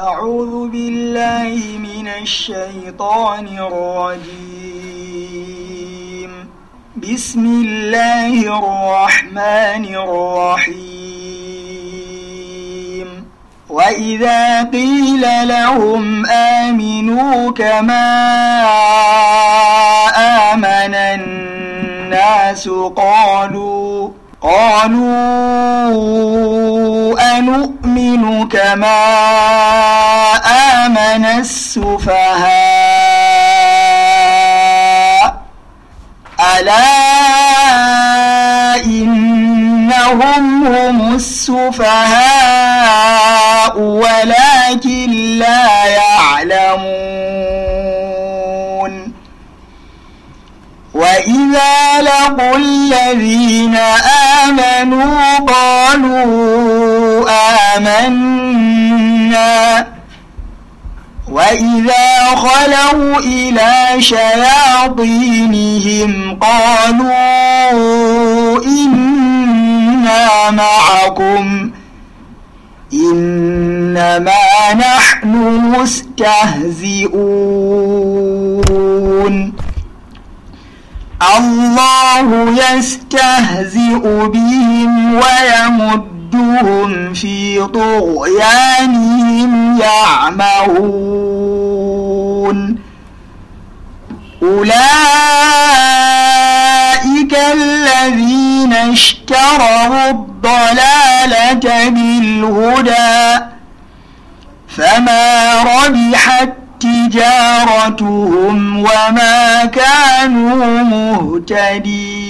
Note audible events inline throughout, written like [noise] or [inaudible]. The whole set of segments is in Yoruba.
أعوذ بالله من الشيطان الرجيم بسم الله الرحمن الرحيم وإذا قيل لهم آمنوا كما آمن الناس قالوا قالوا أنؤمن يؤمن كما آمن السفهاء ألا إنهم هم السفهاء ولكن لا يعلمون وإذا لقوا الذين آمنوا قالوا آمنا وإذا خلوا إلى شياطينهم قالوا إنا معكم إنما نحن مستهزئون الله يستهزئ بهم ويمد يردهم في طغيانهم يعمهون أولئك الذين اشتروا الضلالة بالهدى فما ربحت تجارتهم وما كانوا مهتدين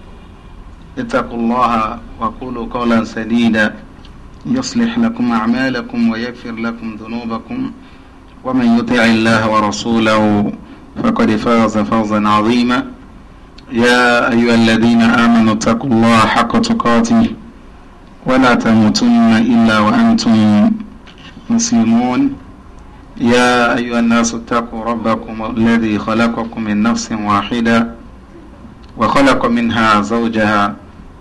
اتقوا الله وقولوا قولا سديدا يصلح لكم أعمالكم ويغفر لكم ذنوبكم ومن يطع الله ورسوله فقد فاز فوزا عظيما يا أيها الذين آمنوا اتقوا الله حق تقاته ولا تموتن إلا وأنتم مسلمون يا أيها الناس اتقوا ربكم الذي خلقكم من نفس واحدة وخلق منها زوجها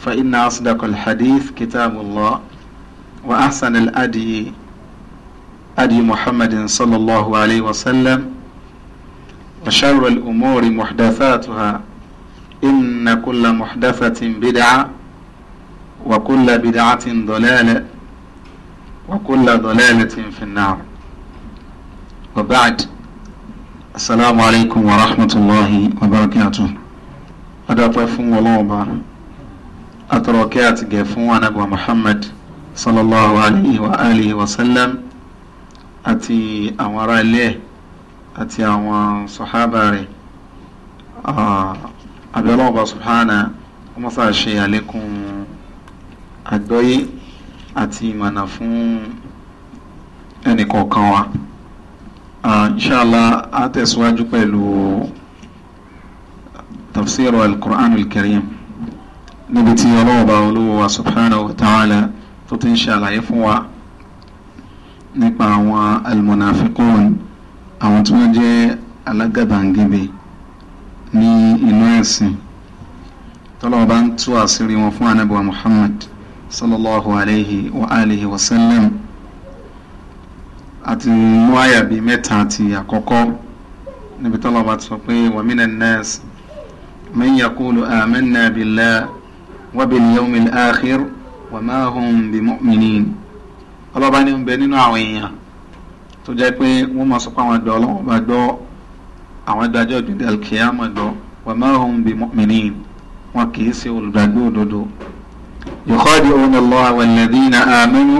فإن أصدق الحديث كتاب الله وأحسن الأدي أدي محمد صلى الله عليه وسلم وشر الأمور محدثاتها إن كل محدثة بدعة وكل بدعة ضلالة وكل ضلالة في النار وبعد السلام عليكم ورحمة الله وبركاته أدعو طيب فون ولوبا atọrọ kẹ́ àti gẹ̀ fún anagba Muhammad sallallahu alayhi wa alihi wa sallam àti àwọn ará ilé àti àwọn sọ̀hábà rẹ̀ abẹ́lọ́ọ̀bà subhana wọ́n mọ́sá ṣe àlékún àgbọ́yé àti ìmọ̀nà fún ẹnìkọ̀ọ̀kan wa inṣàlá a tẹ̀síwájú pẹ̀lú tafsir al-Qur'an al-Karim. Al níbi tí ọlọ́wọ́ bá olówó wa subhanahu wa ta'ala tó ti ń ṣàlàyé fún wa nípa àwọn almunafikun àwọn tí wọ́n jẹ́ alágàbàǹgebè ní inú ẹ̀sìn tọ́lọ́wọ́ bá ń tú àṣírí wọn fún anábìwá Muhammad sallallahu alayhi wa alihi wa sallam àti mú àyà bíi mẹ́ta àti àkọ́kọ́ níbi tọ́lọ́wọ́ bá ti sọ pé wa minan nas man yaqulu amanna billah. وباليوم الآخر وما هم بمؤمنين ọlọ́ba ní ń bẹ nínú àwọn èèyàn tó jẹ́ pé wọ́n máa sọ pé àwọn àgbà ọlọ́wọ́n bá gbọ́ àwọn adájọ́ ìdúdẹ alkiyama gbọ́ wa ma hum bi mu'minin wọn kì í ṣe olùgbàgbé òdodo. yukhadi'una Allaha walladhina amanu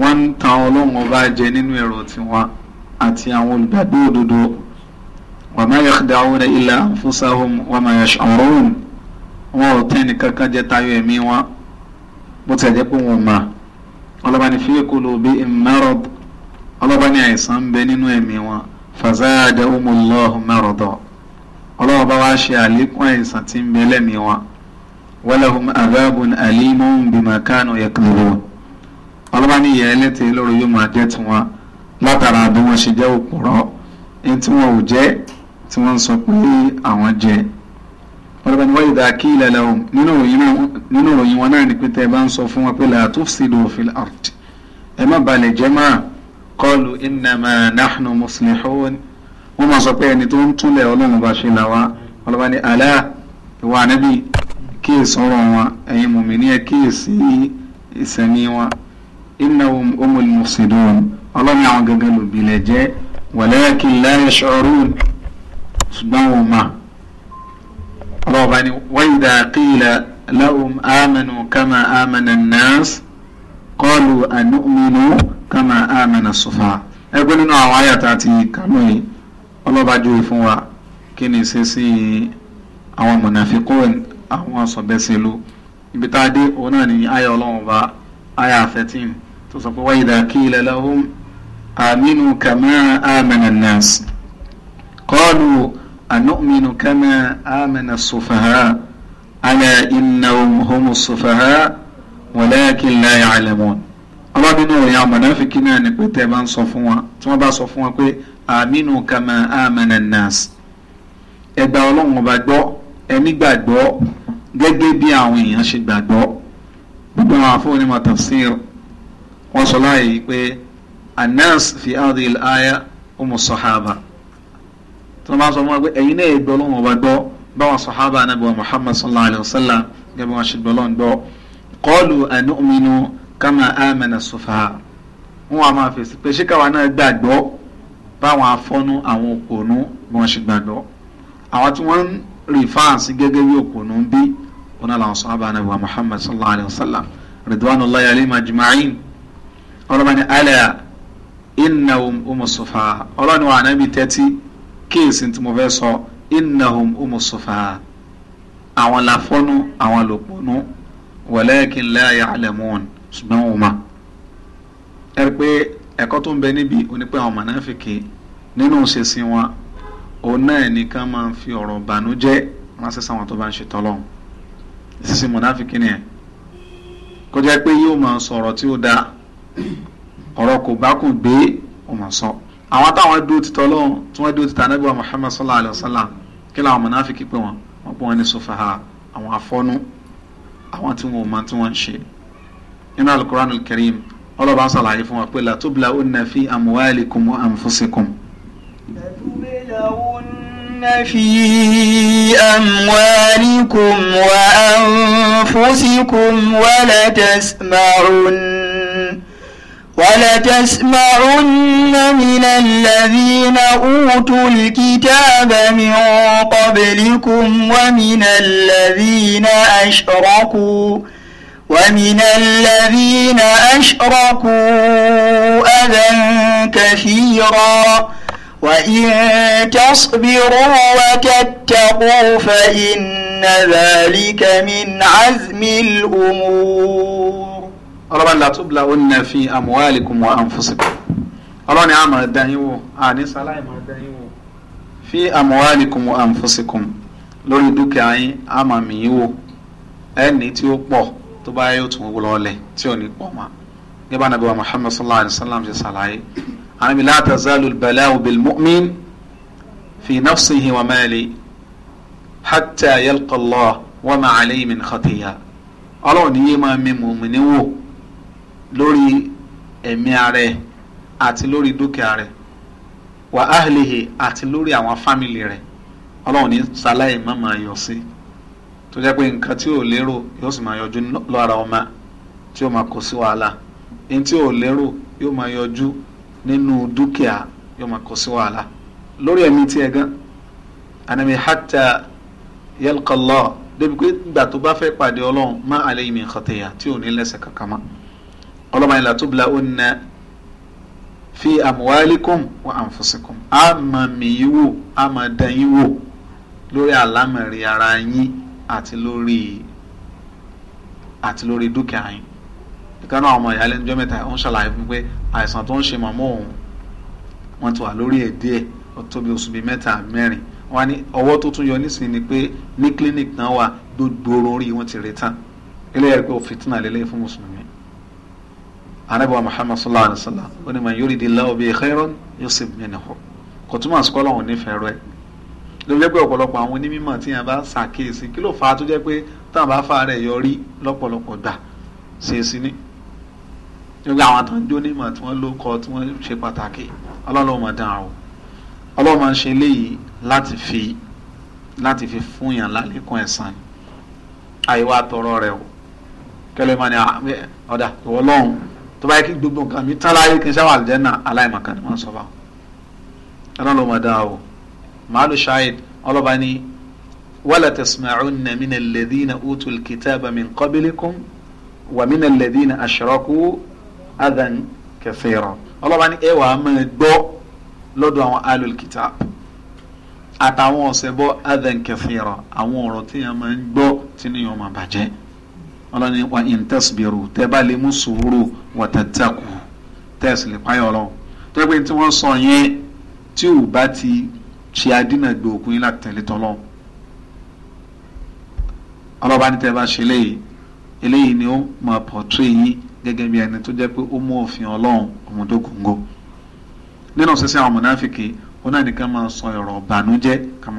wọ́n ń tan ọlọ́run ọba jẹ nínú èrò tiwọn àti àwọn olùgbàgbé òdodo wa ma yakhda'una illa anfusahum wa wọn ò tẹ́ nìkan kan jẹ tayọ ẹ̀mí wọn bó ti ẹ̀jẹ̀ pé wọn ò mà ọlọ́ba ní fíyè kó lóbi mẹ́rọ̀d ọlọ́ba ní àìsàn ń bẹ nínú ẹ̀mí wọn fàzáàdà ọmọlọ́ọ̀hún mẹ́rọ̀dọ̀ ọlọ́wọ́ bá wá ṣe àlékún àìsàn tí ń bẹ lẹ́mí wọn wọ́lẹ́hùn àgáàbùn àlímọ́hùn bìmọ̀kánù yẹ̀kùnrin ọlọ́ba ní ìyá ẹlẹ́tẹ̀ẹ́ lórí yóò máa jẹ́ tiwọn látara bí wọ́n ṣe jẹ́ òpùrọ́ ẹni tí wọ́n ò jẹ́ tí wọ́n ń sọ pé àwọn jẹ́ ọlọ́ba ni wáyé dáa kí ilẹ̀ lẹ́wọ̀n nínú òròyìn wọn náà ni pé tẹ́ ẹ bá ń sọ fún wọn pé la tufsidu fil ard ẹ má balẹ̀ jẹ́ máa qalu innama nahnu muslihun wọ́n máa sọ pé ẹni tó ń túnlẹ̀ ọlọ́run bá ṣe làwa ọlọ́ba ni alá ìwà ànábì kíyèsí ọ̀rọ̀ wọn ẹ̀yin mùmíní ẹ kíyèsí ìsẹ̀mí wọn innahum umul mufsidun ọlọ́run àwọn gẹ́gẹ́ lòbí lẹ̀ jẹ́ walakin la yash'urun ṣùgbọ́n wọn máa ọlọ́ọ̀bá ni wáyìdá kíìlà láhùn ámẹ́nu kama ámẹ́nà nẹ́ẹ̀sì kọ́ọ̀lù ànúmínú kama ámẹ́nà sùfà ẹgbẹ́ nínú àwọn àyàtà àti kánú yìí ọlọ́ọ̀bá júwe fún wa kí ni ṣe sí àwọn mọ̀nàfíkún àwọn sọ̀bẹ́sẹ̀lú ibi tá a dé òun náà ni àyà ọlọ́run bá àyà thirteen tó sọ pé wáyìdá kíìlà láhùn ámínú kama ámẹ́nà nẹ́ẹ̀sì kọ́ọ̀lù أنؤمن كما آمن السفهاء ألا إنهم هم السفهاء ولكن لا يعلمون ọlọ́dúnú òyìn àmọ̀náfíkì náà ni pé tẹ́ ẹ bá ń sọ fún wa tí wọ́n bá sọ fún wa pé àmínú kama amana nas ẹgbà ọlọ́run ọba gbọ́ ẹni gbàgbọ́ gẹ́gẹ́ bí àwọn èèyàn ṣe gbàgbọ́ gbogbo àwọn afọ́nimọ̀ tafsir wọ́n sọ láàyè pé anas fi adil aya umu sahaba tí wọ́n bá sọ fún wa pé ẹ̀yin náà gbọ́ lọ́wọ́ wa gbọ́ báwọn sọ̀hábà anábì wa muhammad sallallahu alayhi wa sallam gẹ́gẹ́ bí wọ́n ṣe gbọ́ lọ́wọ́ gbọ́ qalu anu'minu kama amana sufaha wọn a máa fèsì pé ṣé náà gbàgbọ́ báwọn afọ́nú àwọn òpònú bí wọ́n ṣe gbàgbọ́ àwọn tí wọ́n ń rí fáànsì gẹ́gẹ́ bí òpònú ń bí wọn làwọn sọ̀hábà anábì wa muhammad sallallahu alayhi wa sallam ridwanullahi alayhim wa anábì tẹ́tí kíyèsí tí mo fẹ́ sọ innahum umu sufaha àwọn làfọ́nú àwọn lòpọ̀nú walakin la ya'lamun ṣùgbọ́n wọn ma ẹ rí pé ẹ̀kọ́ tó ń bẹ níbi onípẹ́ àwọn mọ̀nàfìkì nínú ṣèṣin wọn òun náà nìkan máa ń fi ọ̀rọ̀ bànújẹ́ ránṣẹ́ sáwọn tó bá ń ṣe tọ́lọ́hún ṣíṣe mọ̀nàfìkì nìyẹn kó jẹ́ pé yóò máa sọ̀rọ̀ tí ó dáa ọ̀rọ̀ kò bá kùn gbé ó máa sọ. So àwọn táwọn dúró ti t'Ọlọ́hun tí wọ́n dúró ti t'Ànábì wa Muhammad sallallahu alayhi wa sallam kí làwọn mọ̀nàfíkì pé wọn wọ́n pé wọ́n ní sọfàhà àwọn afọ́nú àwọn tí wọn mọ tí wọ́n ń ṣe nínú alukuranul karim ọlọ́ba ń sàlàyé fún wa pé la tubla'unna fi amwalikum wa anfusikum. la tubla'unna fi amwalikum wa anfusikum wa la tasma'un. ولتسمعن من الذين أوتوا الكتاب من قبلكم ومن الذين أشركوا ومن الذين أشركوا أذى كثيرا وإن تصبروا وتتقوا فإن ذلك من عزم الأمور ọlọ́ba ńlá tó bila òun nàfi amwalikum wa anfusikum ọlọ́ni àmọ̀ ẹ̀dá yín wò àní sáláì mọ̀ ẹ̀dá yín wò fi amwalikum wa anfusikum lórí dúkìá yín àmọ̀ mi yín wò ẹni tí ó pọ̀ tó bá yóò tún lọlẹ̀ tí ò ní pọ̀ mọ́ gẹ́gẹ́ nàbí wa muhammad sallallahu alayhi wa sallam ṣe ṣàlàyé ànábi la tazalu al-bala'u mumin fi nafsihi wa mali hatta yalqa wa ma min khatiya ọlọ́run ní yé máa mímú mi níwò lórí ẹ̀mí ara ẹ̀ àti lórí dúkìá rẹ̀ wà áhìlìhì àti lórí àwọn fámìlì rẹ̀ ọlọ́run ní sáláì má máa yọ sí tó jẹ́ pé nǹkan tí ò lérò yóò sì máa yọjú lọ́ra ọmọ tí ó máa kó sí wàhálà ẹni tí ò lérò yóò máa yọjú nínú dúkìá yóò máa kó sí wàhálà lórí ẹ̀mí tiẹ̀ gan anami hatta yalqa débi pé ìgbà bá fẹ́ pàdé ọlọ́run má alayhi min khatiya tí ò ní lẹ́ṣẹ̀ kankan mọ́ ọlọ́mọ yẹn látó bila ọ̀nà fi àmúwálíkùn wà ànfọ̀sìkùn a máa mì yín wò a máa dán yín wò lórí àlámẹ̀rí ara yín àti lórí àti lórí dúkìá yín ìkànnì àwọn ọmọ ìyáálé níjọ́ mẹ́ta ó ń ṣàlàyé fún pé àìsàn tó ń ṣe màmá òun wọ́n ti wà lórí ẹ̀ díẹ̀ ó tóbi oṣù bíi mẹ́ta mẹ́rin wọ́n ní ọwọ́ tó tún yọ nísìnyí ni pé ní clinic náà wà gbogbo orí wọn ti retán ilé pé ó fìtínà lélẹ́yìn fún mùsùlùmí anabi wa muhammad sallallahu alaihi wa sallam ó ní man yuridillahu bihi khairan yusib minhu kò túmọ̀ àsìkò ọlọ́run nífẹ̀ẹ́ rẹ̀ ló jẹ́ pé ọ̀pọ̀lọpọ̀ àwọn onímọ̀ tí yẹn bá ṣàkíyèsí kí ló fà á tó jẹ́ pé táwọn bá fà rẹ̀ yọrí lọ́pọ̀lọpọ̀ gbà ṣe é sí ní. nígbà àwọn tó ń jó onímọ̀ tí wọ́n ló kọ tí wọ́n ṣe pàtàkì ọlọ́run máa dán àwọn ọlọ́run máa ń ṣe léyìí láti fi láti fi fún yàn lálékún ẹ̀san ni àyè wa tọrọ rẹ o kẹlẹ́ máa ah, ọ̀dà ìwọ lọ́hùn tó bá yẹ kí gbogbo nǹkan mi tán láyé kí n sáwà àlùjẹ́ náà aláìmọ̀kan ni wọ́n sọ fáwọn ẹran ló mọ̀ dán o màálù ṣáìd ọlọ́ba ni wala tasma'unna mina alladhina utul kitaba min qablikum wa mina alladhina ashraku adhan kathira ọlọ́ba ni ẹ wà á máa gbọ́ lọ́dọ̀ àwọn alul kitab àtàwọn ọ̀sẹ̀ bọ́ adhan kathira àwọn ọ̀rọ̀ tí yẹn máa ń gbọ́ tí níyàn máa bàjẹ́ ọlọ́ni wa in tasbiru tẹ́ bá lè mú sùúrù wa tattaqu tẹ́sí lè páyọ̀ ọlọ́run tẹ́ pé tí wọ́n sọ yẹn tí ò bá ti ṣe adínàgbè òkun yín láti tẹ̀lé tọ́lọ́ ọlọ́ba ní tẹ́ bá ṣe léyìí eléyìí ni ó máa pọ̀tré yín gẹ́gẹ́ bí ẹni tó jẹ́ pé ó mú òfin ọlọ́run òun nínú sísẹ́ àwọn mọ̀náfìkì ó náà ní máa sọ ọ̀rọ̀ ìbànújẹ́ ká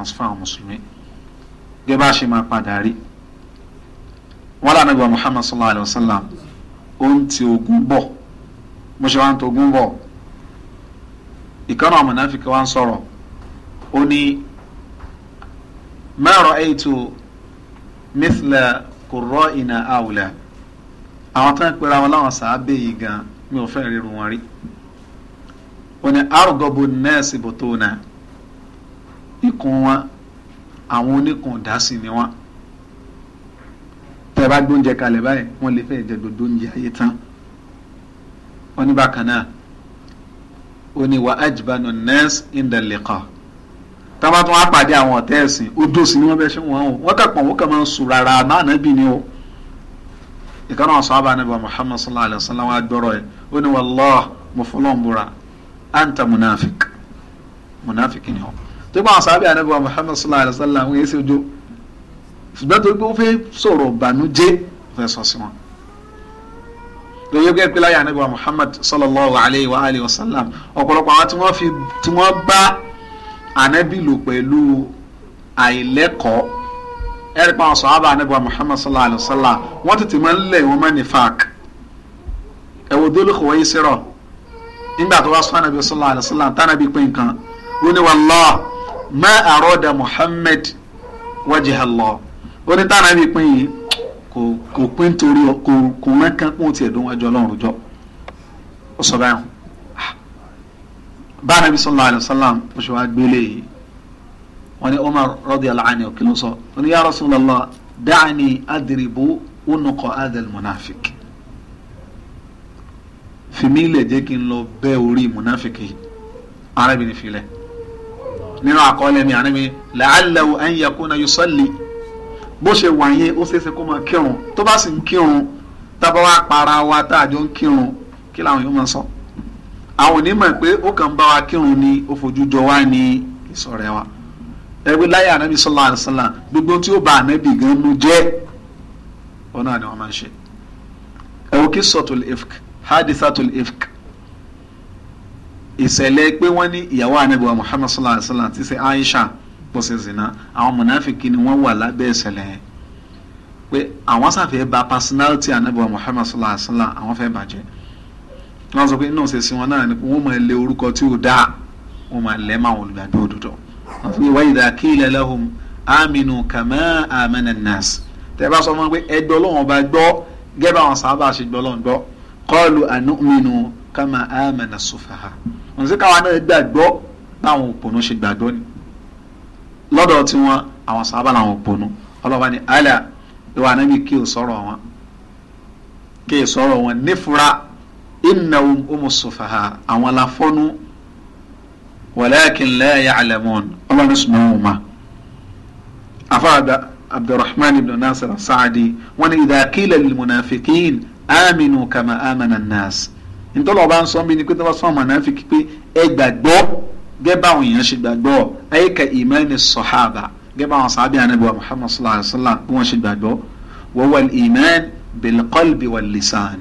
wọn lànà gba muhammad sallallahu alayhi wa sallam ó ń ti ogun bọ̀ bó ṣe wá ń ti ogun bọ̀ ìkànnà mùnáfíkì wá ń sọ̀rọ̀ ó ní ma ra'aytu mithla qurra'ina awla àwọn tó ń pera wọn láwọn sàábẹ̀ yìí gan mi ò fẹ́ ríru wọn rí ó ní argobo nẹ́ẹ̀sì bòtónà ikùn wọn àwọn oníkùn dásì ni wọn tẹ́ bá gbóúnjẹ kalẹ̀ báyìí wọ́n lè fẹ́ jẹ dodo oúnjẹ ayé tán wọ́n ní bákan náà ó ní wa ajbanu nas inda liqa tábà tún wá pàdé àwọn ọ̀tẹ́ ẹ̀sìn odò sí ni wọ́n bẹ́ ṣe wọ́n o wọ́n kà pọ̀n wọ́n kà máa ń sùn rárá máàná bì ni o ìkànnà ọ̀sán abánibà muhammad sallallahu alayhi wa sallam wa gbọ́rọ̀ ẹ̀ ó ní wallah mo fọlọ́n búra anta munafik munafik ni o tó bá ọ̀sán abánibà muhammad sallallahu alayhi wa sallam wọ́n yẹ ṣùgbọ́n torí pé ó fẹ́ sọ̀rọ̀ bànújẹ́ fẹ́ sọ sí wọn. lóye gbé pé láyé anábìwá Muhammad sallallahu alayhi wa alayhi wa sallam ọ̀pọ̀lọpọ̀ àwọn tí wọ́n fi tí wọ́n bá anábì lò pẹ̀lú àìlẹ́kọ̀ọ́ ẹ̀rí pa àwọn sọ̀hábà anábìwá Muhammad sallallahu alayhi wa sallam wọ́n tètè máa ń lẹ̀ wọ́n máa ń ní fàák ẹ̀wọ̀ dólókòwò yìí sẹ́rọ̀ nígbà tó wá sọ anábì sallallahu alayhi wa sallam tánábì orí táwọn ẹbí pín yìí kò kò pín torí kò kò rán kán pọ́n tiẹ̀ dún wájú ọlọ́run jọ ó sọ báyìí bá nàbí sallallahu alaihi wasallam ó ṣe wá gbélé yìí wọn ni Umar radiyallahu anhu òkè ló sọ wọn ni ya Rasulullah da'ani adribu unuqa adal munafik fìmí ilẹ̀ jẹ́ kí n lọ bẹ́ orí munafiki arábìnrin filẹ̀ nínú àkọọ́lẹ̀ mi àná mi la'allahu an yakuna yusalli bó ṣe wà yẹn ó ṣeéṣe kó máa kírun tó bá sì ń kírun tábà wá para wa tá a jọ ń kírun kí làwọn yóò máa sọ àwọn onímọ̀ pé ó kàn ń bá wa kírun ni ó fojú jọ wá ní ìsọ̀rẹ́ wa ẹgbẹ́ láyé ànábì sallallahu alaihi wasallam gbogbo tí ó ba ànábì gan nu jẹ́ ọ̀nà ni wọ́n máa ń ṣe ẹ̀wọ̀n kí sọ̀tul ifk hadisatul ifk ìṣẹ̀lẹ̀ pé wọ́n ní ìyàwó ànábì wa muhammad sallallahu alaihi wasallam ti ṣe aisha kó zina àwọn mọ̀nàfíkì ni wọ́n wà lábẹ́ ìṣẹ̀lẹ̀ yẹn pé àwọn sàfẹ́ ba personality anabiwa Muhammad sallallahu alaihi wa sallam àwọn fẹ́ bàjẹ́ wọ́n sọ pé náà ṣe sí wọn náà ni wọ́n máa lé orúkọ tí ò dáa wọ́n máa lẹ́ máa wọn olùgbàdo òdòdó wọ́n fi wáyé dà kí ilẹ̀ lẹ́hùn aminu kàmá amẹ́nẹ̀ nọ́ọ̀sì tẹ́ bá sọ fún wọn pé ẹ gbọ́ lọ́wọ́n bá gbọ́ gẹ́gẹ́ àwọn sábà ṣe gbọ́ lọ́wọ́n gbọ́ kọ́ọ̀lù ànúmínú kàmá amẹ́nẹ̀ sọ̀fà wọ́n sì káwọn náà gbàgbọ́ táwọn òpònú ṣe gbàgbọ́ ni lọ́dọ̀ tí wọ́n àwọn sábà làwọn òpònú ọlọ́ba ni àlà ìwà anábì kí o sọ̀rọ̀ wọn kí o sọ̀rọ̀ wọn nífura innahum umu sufaha àwọn lafọ́nú walakin la ya'lamun ọlọ́run sùnmọ́ wọn ma afaada abdulrahman ibn nasir saadi wọn ni idha qila lil munafiqin aminu kama amana nas ntọ́lọ́ba ń sọ mí ni pé tí wọ́n sọ ọmọ náà pé ẹ gbàgbọ́ gẹ́gẹ́ báwọn èèyàn ṣe gbàgbọ́ ayé ka ìmánì sọ̀hábà gẹ́gẹ́ báwọn sábẹ́ ànábì wa muhammad sallallahu alayhi wa sallam bí wọ́n ṣe gbàgbọ́ wa wal ìmán bilqalbi wal lisan.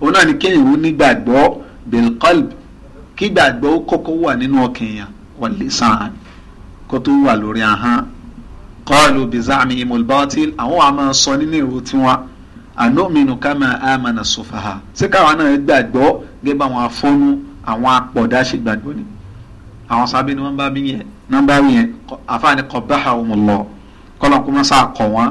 òun náà ni kéèyàn ó ní gbàgbọ́ bilqalbi kí gbàgbọ́ ó kọ́kọ́ wà nínú ọkàn èèyàn wal lisan kó tó wà lórí ahọ́n qalu bizami imul batil àwọn àmà sọ nínú èrò tiwọn ànómìnú kama amana sufaha sí káwọn náà gbàgbọ́ gẹ́gẹ́ báwọn afọ́nú àwọn apọ̀dá ṣe gbàgbọ́ ni àwọn sábẹ́ ni wọ́n bá mi yẹn nọ́mbà mi yẹn àfáàní kọ̀báhà ọmọlọ kọ́lọ̀ kó máa sàkọ̀ wọn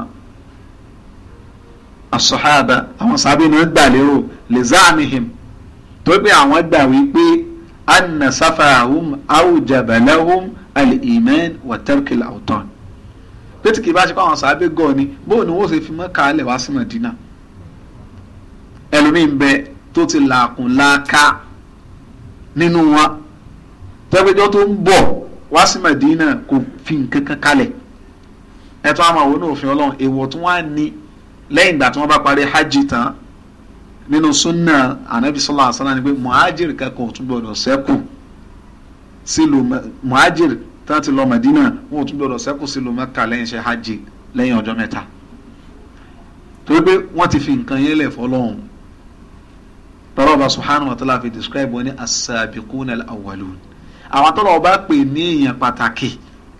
asọ̀háàbà àwọn sábẹ́ ni wọ́n gbà lérò lè záàmìhìm tó pé àwọn gbà wípé anna sáfàáhùm àwùjàbàláhùm alìmẹ́n wàtẹ́rkìl àwùtọ́n pété kì bá ṣe kó àwọn sábẹ́ gọ̀ ni bóun ni wọ́n ṣe fi mọ́ kálẹ̀ wá sí Mádínà ẹlòmíín bẹ tó ti làákùn láàká. La nínú wọn tẹ́gbẹ́jọ́ tó ń bọ̀ wá sí Madina kò fi nǹkan kan kalẹ̀ ẹ tún àwọn àwọn onífin ọlọ́run èèwọ̀ tí wọ́n ní lẹ́yìn ìgbà tí wọ́n bá parí hajj tán nínú sunna anabi sallallahu alaihi ni pé muhajir kankan ò tún gbọdọ̀ ṣẹ́kù sílùú muhajir tán ti lọ Madina wọn ò tún gbọdọ̀ ṣẹ́kù sílùú Mẹ́kà lẹ́yìn iṣẹ́ hajj lẹ́yìn ọjọ́ mẹ́ta torí pé wọ́n ti fi nǹkan yẹn lẹ̀ fọlọ́run tọ́lọ́ ọba subhanahu wa ta'ala fi describe wọn ní as-sabiquna al-awwalun àwọn tọ́lọ́ ọba pè ní èèyàn pàtàkì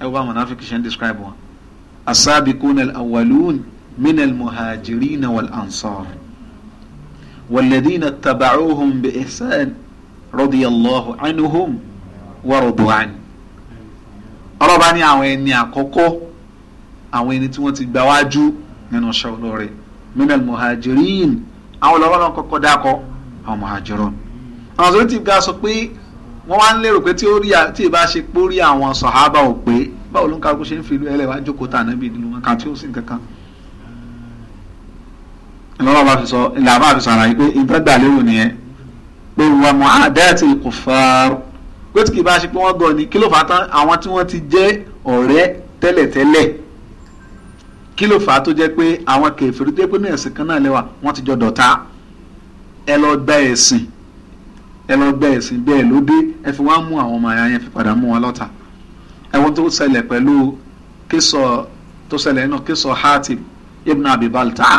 ẹ wọ́n bá mọ̀nàfíkì ṣe ń describe wọn as-sabiquna al-awwalun min al-muhajirina wal-ansar walladhina taba'uhum bi ihsan radiyallahu anhum wa radu an ọlọ́ba ní àwọn ẹni àkọ́kọ́ àwọn ẹni tí wọ́n ti gbáwájú nínú ṣọ́ olóore min al-muhajirin àwọn ọlọ́wọ́ náà kọ́kọ́ dákọ́ àwọn muhajirun hmm. àwọn sọ̀rọ̀ ti ga sọ pé wọ́n wá ń lérò pé tí ó rí tí ì bá ṣe pórí àwọn sọ̀hábà ò pé báwo ló ń kálukú ṣe ń fi ìlú ẹlẹ́wàá jókòó tà náà bí ìdílé wọn kàtí ó sì kankan. ìlọ́wọ́ bá fi sọ ìlà bá fi sọ àlàyé pé ìtọ́gbà lérò nìyẹn pé wà mọ́ àdáàtì kò fàárọ̀ pé tí kì í bá ṣe pé wọ́n gọ̀ ni kí ló fà á tán àwọn tí wọ́n ti jẹ́ ọ̀rẹ́ tẹ́lẹ̀tẹ́lẹ̀ kí ló fà á tó jẹ́ pé àwọn kèfèrí tó jẹ́ pé ní ẹ̀sìn kan náà lẹ́wà wọ́n ti jọ dọ̀tá ẹ lọ gba ẹ̀sìn ẹ lọ gba ẹ̀sìn bẹ́ẹ̀ ló dé ẹ fi wá mú àwọn ọmọ àyà yẹn fi padà mú wọn lọ́tà ẹ̀wọ̀n tó ṣẹlẹ̀ pẹ̀lú kíso tó ṣẹlẹ̀ inú kíso Hatib ibn Abi Balta'a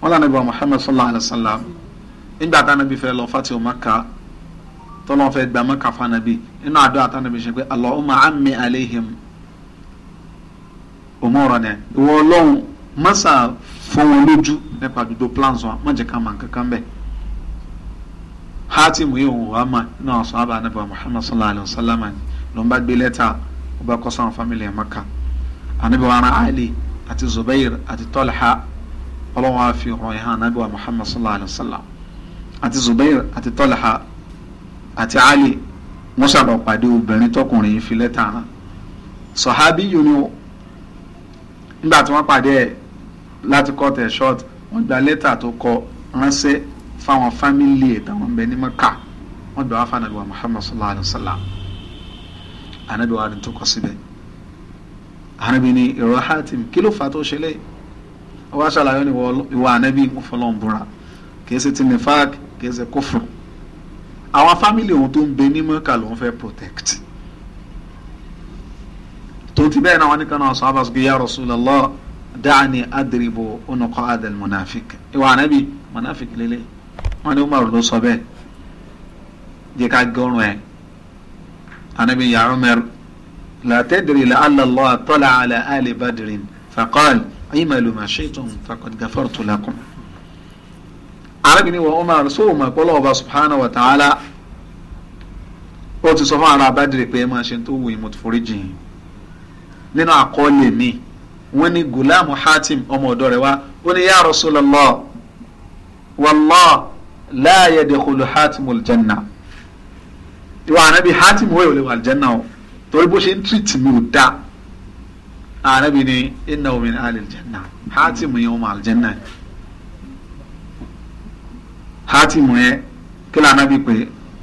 wọn lànà ibà Muhammad sallallahu alayhi wa sallam nígbà tánabi fẹ́ lọ fati Makkah tọ́lọ́ fẹ́ gba Makkah fanabi inú àdó àtànabi ṣe pé Allahumma ammi alayhim umurana ìwọ ọlọ́run mọ́sà fọ́ wọn lójú nípa dodo plans wọn má jẹ́ ká mọ̀ kankan bẹ́ẹ̀ hati mu yiwu wa ma na ọsọ aba anabi wa muhammad sallallahu alaihi wa sallam ni ló ń bá gbé lẹ́tà ó bá kọ́ sáwọn fámìlì ẹ̀ maka anabi wa ara ali àti zubair àti tolha ọlọ́wọ́ á fi ọ̀rọ̀ yẹn hàn anabi wa muhammad sallallahu alaihi wa sallam àti zubair àti tolha àti ali wọ́n sábà pàdé obìnrin tọkùnrin yìí fi lẹ́tà náà sọ̀hábí yìí ni ó nígbà tí wọ́n pàdé ẹ̀ láti cut it short wọ́n gba lẹ́tà tó kọ ránṣẹ́ fáwọn fámìlì ẹ̀ táwọn ń bẹ ní Mẹ́kà wọ́n dọ̀ wá fún anabi wa Muhammad sallallahu alayhi wa sallam anabi wa ni tó kọ síbẹ̀ anabi ni ìrọ̀ hatim kí ló fà tó ṣẹlẹ̀ wọ́n ṣàlàyé ni ìwọ anabi ń fọlọ́ ń búra kìí ṣe ti nifak kìí ṣe kófò àwọn fámìlì òun tó ń bẹ ní Mẹ́kà lòun fẹ́ protect tó ti bẹ́ẹ̀ náà wọ́n ní kan náà sọ abasugu ya Rasulullah da'ani adribu unuqa adal munafik ìwà anabi munafik lele wọn ni umar ló sọ bẹ́ẹ̀ jẹ́ ká gbọrun ẹ anabi ya umar la tadri la'alla allah tala ala ali badrin faqal imalu ma shi'tum faqad ghafartu lakum. arábìnrin wa umar sóò mà pọ́lọ́ ọba subhanahu wa ta'ala ó ti sọ fún ara badiri pé ẹ máa ṣe tó wù yín mo ti forí wọ́n ní gulaamu hatim ọmọ ọ̀dọ́ rẹ̀ wá ó ní ya rasulallah wallah la yadkhulu hatim aljanna ìwà ànábì hatim wọ́n yóò lè wà aljanna o torí bó ṣe ń treat mi ò dáa ànábì ní innahu min ahli aljanna hatim yẹn ọmọ aljanna hatim yẹn kí lóò pé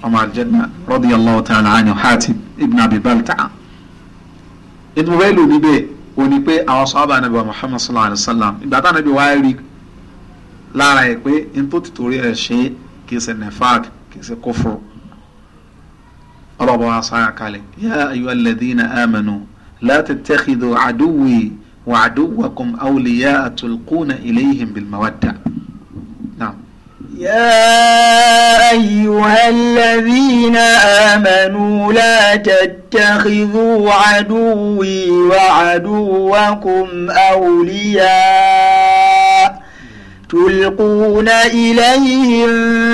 ọmọ aljanna radiyallahu ta'ala anhu hatim ibn abi balta'a inú wẹ́ẹ́lù níbẹ̀ ó ní pé àwọn sọ́ọ́bà ànábì wa Muhammad sallallahu alayhi wa sallam ìgbà táwọn ànábì wa rí lára ẹ̀ pé n tó ti torí ẹ̀ ṣe kì í ṣe nefak kì í ṣe kófò ọlọ́ba wa sáyà kalẹ̀ yá ayyuhal ladhina amanu la tattakhidhu aduwwi wa aduwwakum awliya'a tulquna ilayhim bil mawadda. يا أيها الذين آمنوا لا تتخذوا عدوي وعدوكم أولياء تلقون إليهم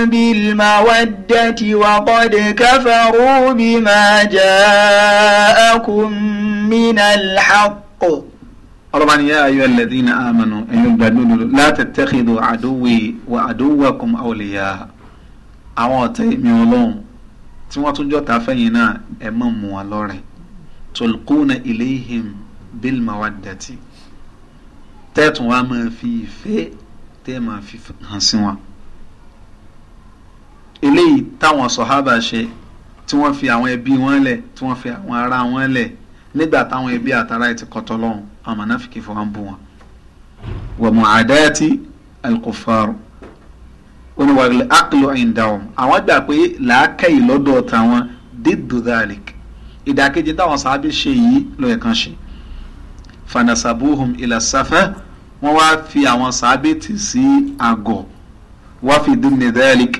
بالمودة وقد كفروا بما جاءكم من الحق ọlọ́ba ni yá ayọ́ alladhina amanu ẹ̀yin gbàdúrà la tattakhidu àdúwì wà aduwwakum awliya àwọn ọ̀tá èmi ọlọ́run tí wọ́n tún jọ́ta fẹ́yìn náà ẹ̀ mọ̀ mú wa lọ́rẹ̀ tulquna ilayhim bil mawaddati tẹ́ẹ̀tún wa máa fi ìfẹ́ tẹ́ẹ̀ máa fi hàn sí wọn. eléyìí táwọn sọ̀hábà ṣe tí wọ́n fi àwọn ẹbí wọn lẹ̀ tí wọ́n fi àwọn ará wọn lẹ̀ nígbà táwọn ẹbí àtàrà ẹ̀ ti kọ́tọ́ lọ́hùn àwọn mọ̀nàfíkì fún wọn bú wọn. wà mu'adati al-kuffar ó ní wàhálà àkìlọ̀ indahum àwọn gbà pé làákàyè lọ́dọ̀ tàwọn dídò dhalik ìdàkejì táwọn sábẹ́ ṣe yìí ló yẹ kàn ṣe. fanasabuhum ila safa wọ́n wá fi àwọn sábẹ́ tì sí àgọ̀ wá fi dúnni dhalik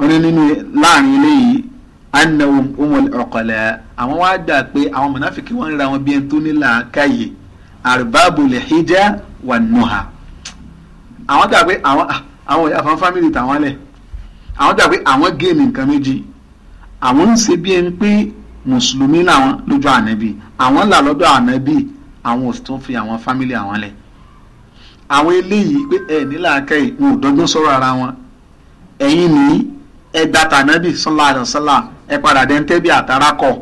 ó ní nínú láàrin annahum umul uqala àwọn wá gbà pé àwọn mọ̀nàfíkì wọ́n ń ra wọn bí ẹni tó ní làákàyè arbabul hija wà nùhà àwọn gbà pé àwọn ah, àwọn ìyá fan family tàwọn lẹ̀ àwọn gbà pé àwọn géèmì nǹkan méjì àwọn ń ṣe bí ẹni pé mùsùlùmí làwọn lójú ànábì àwọn là lọ́dọ̀ ànábì àwọn ò sì tún fi àwọn family àwọn lẹ̀ àwọn eléyìí pé ẹ ní làákàyè wọn ò dọ́gbọ́n sọ̀rọ̀ ara wọn ẹ̀yin nìyí ẹgbàtà ànábì sallallahu alaihi ẹ padà dẹ́ntẹ́bí àtàrà kọ̀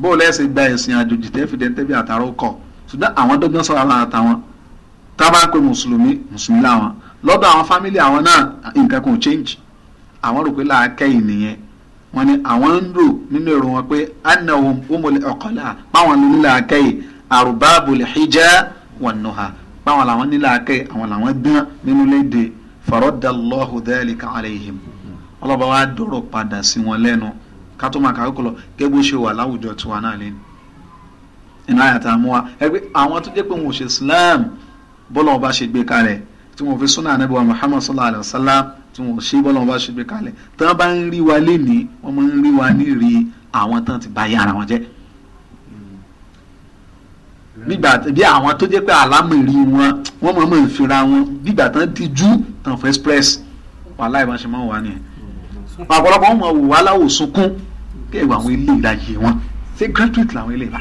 bóò lẹ́sìn gba ẹ̀sìn àjòjì tẹ́ fi dẹ́ntẹ́bí àtàrà kọ̀ ṣùgbọ́n àwọn dọ́gbọ́n sọ̀rọ̀ lára tàwọn tá a bá ń pe mùsùlùmí mùsùlùmí làwọn lọ́dọ̀ àwọn fámìlì àwọn náà nǹkan kan ò change àwọn rò pé làákẹ́yìn nìyẹn wọ́n ní àwọn ń rò nínú èrò wọn pé anahum umul ọkọlá báwọn ló ní làákẹ́yìn arubabul hijja wan nuha báwọn làwọn ní làákẹ́yìn àwọn làwọn dán nínú léde faradallahu dhalika alayhim ọlọ́ba wa dọ̀rọ̀ padà sí wọn lẹ́nu ká tó máa kàwé kọ gẹ́gẹ́ bó ṣe wà láwùjọ tiwa náà lé nínú àyàtà mú wa ẹgbẹ́ àwọn tó jẹ́ pé wọn ò ṣe Islam bọ́lá ọba ṣe gbé kalẹ̀ tí wọn ò fi súnà ànábì wa Muhammad sallallahu alayhi wa sallam tí wọn ò ṣe bọ́lá ọba ṣe gbé kalẹ̀ tí wọn bá ń rí wa lénìí wọn máa ń rí wa nírì àwọn tán ti bá yé ara wọn jẹ́ bí àwọn tó jẹ́ pé àlámìrí wọn wọ́n máa ń fira wọn nígbà tán ti jú tàn fún express wàhálà ìbáṣe máa ń wà nìyẹn ọ̀pọ̀lọpọ̀ wọn mọ̀ wò wá láwò sunkún kí ẹ̀wọ̀ àwọn ilé ìlàjì wọn ṣé graduate làwọn ilé ìbá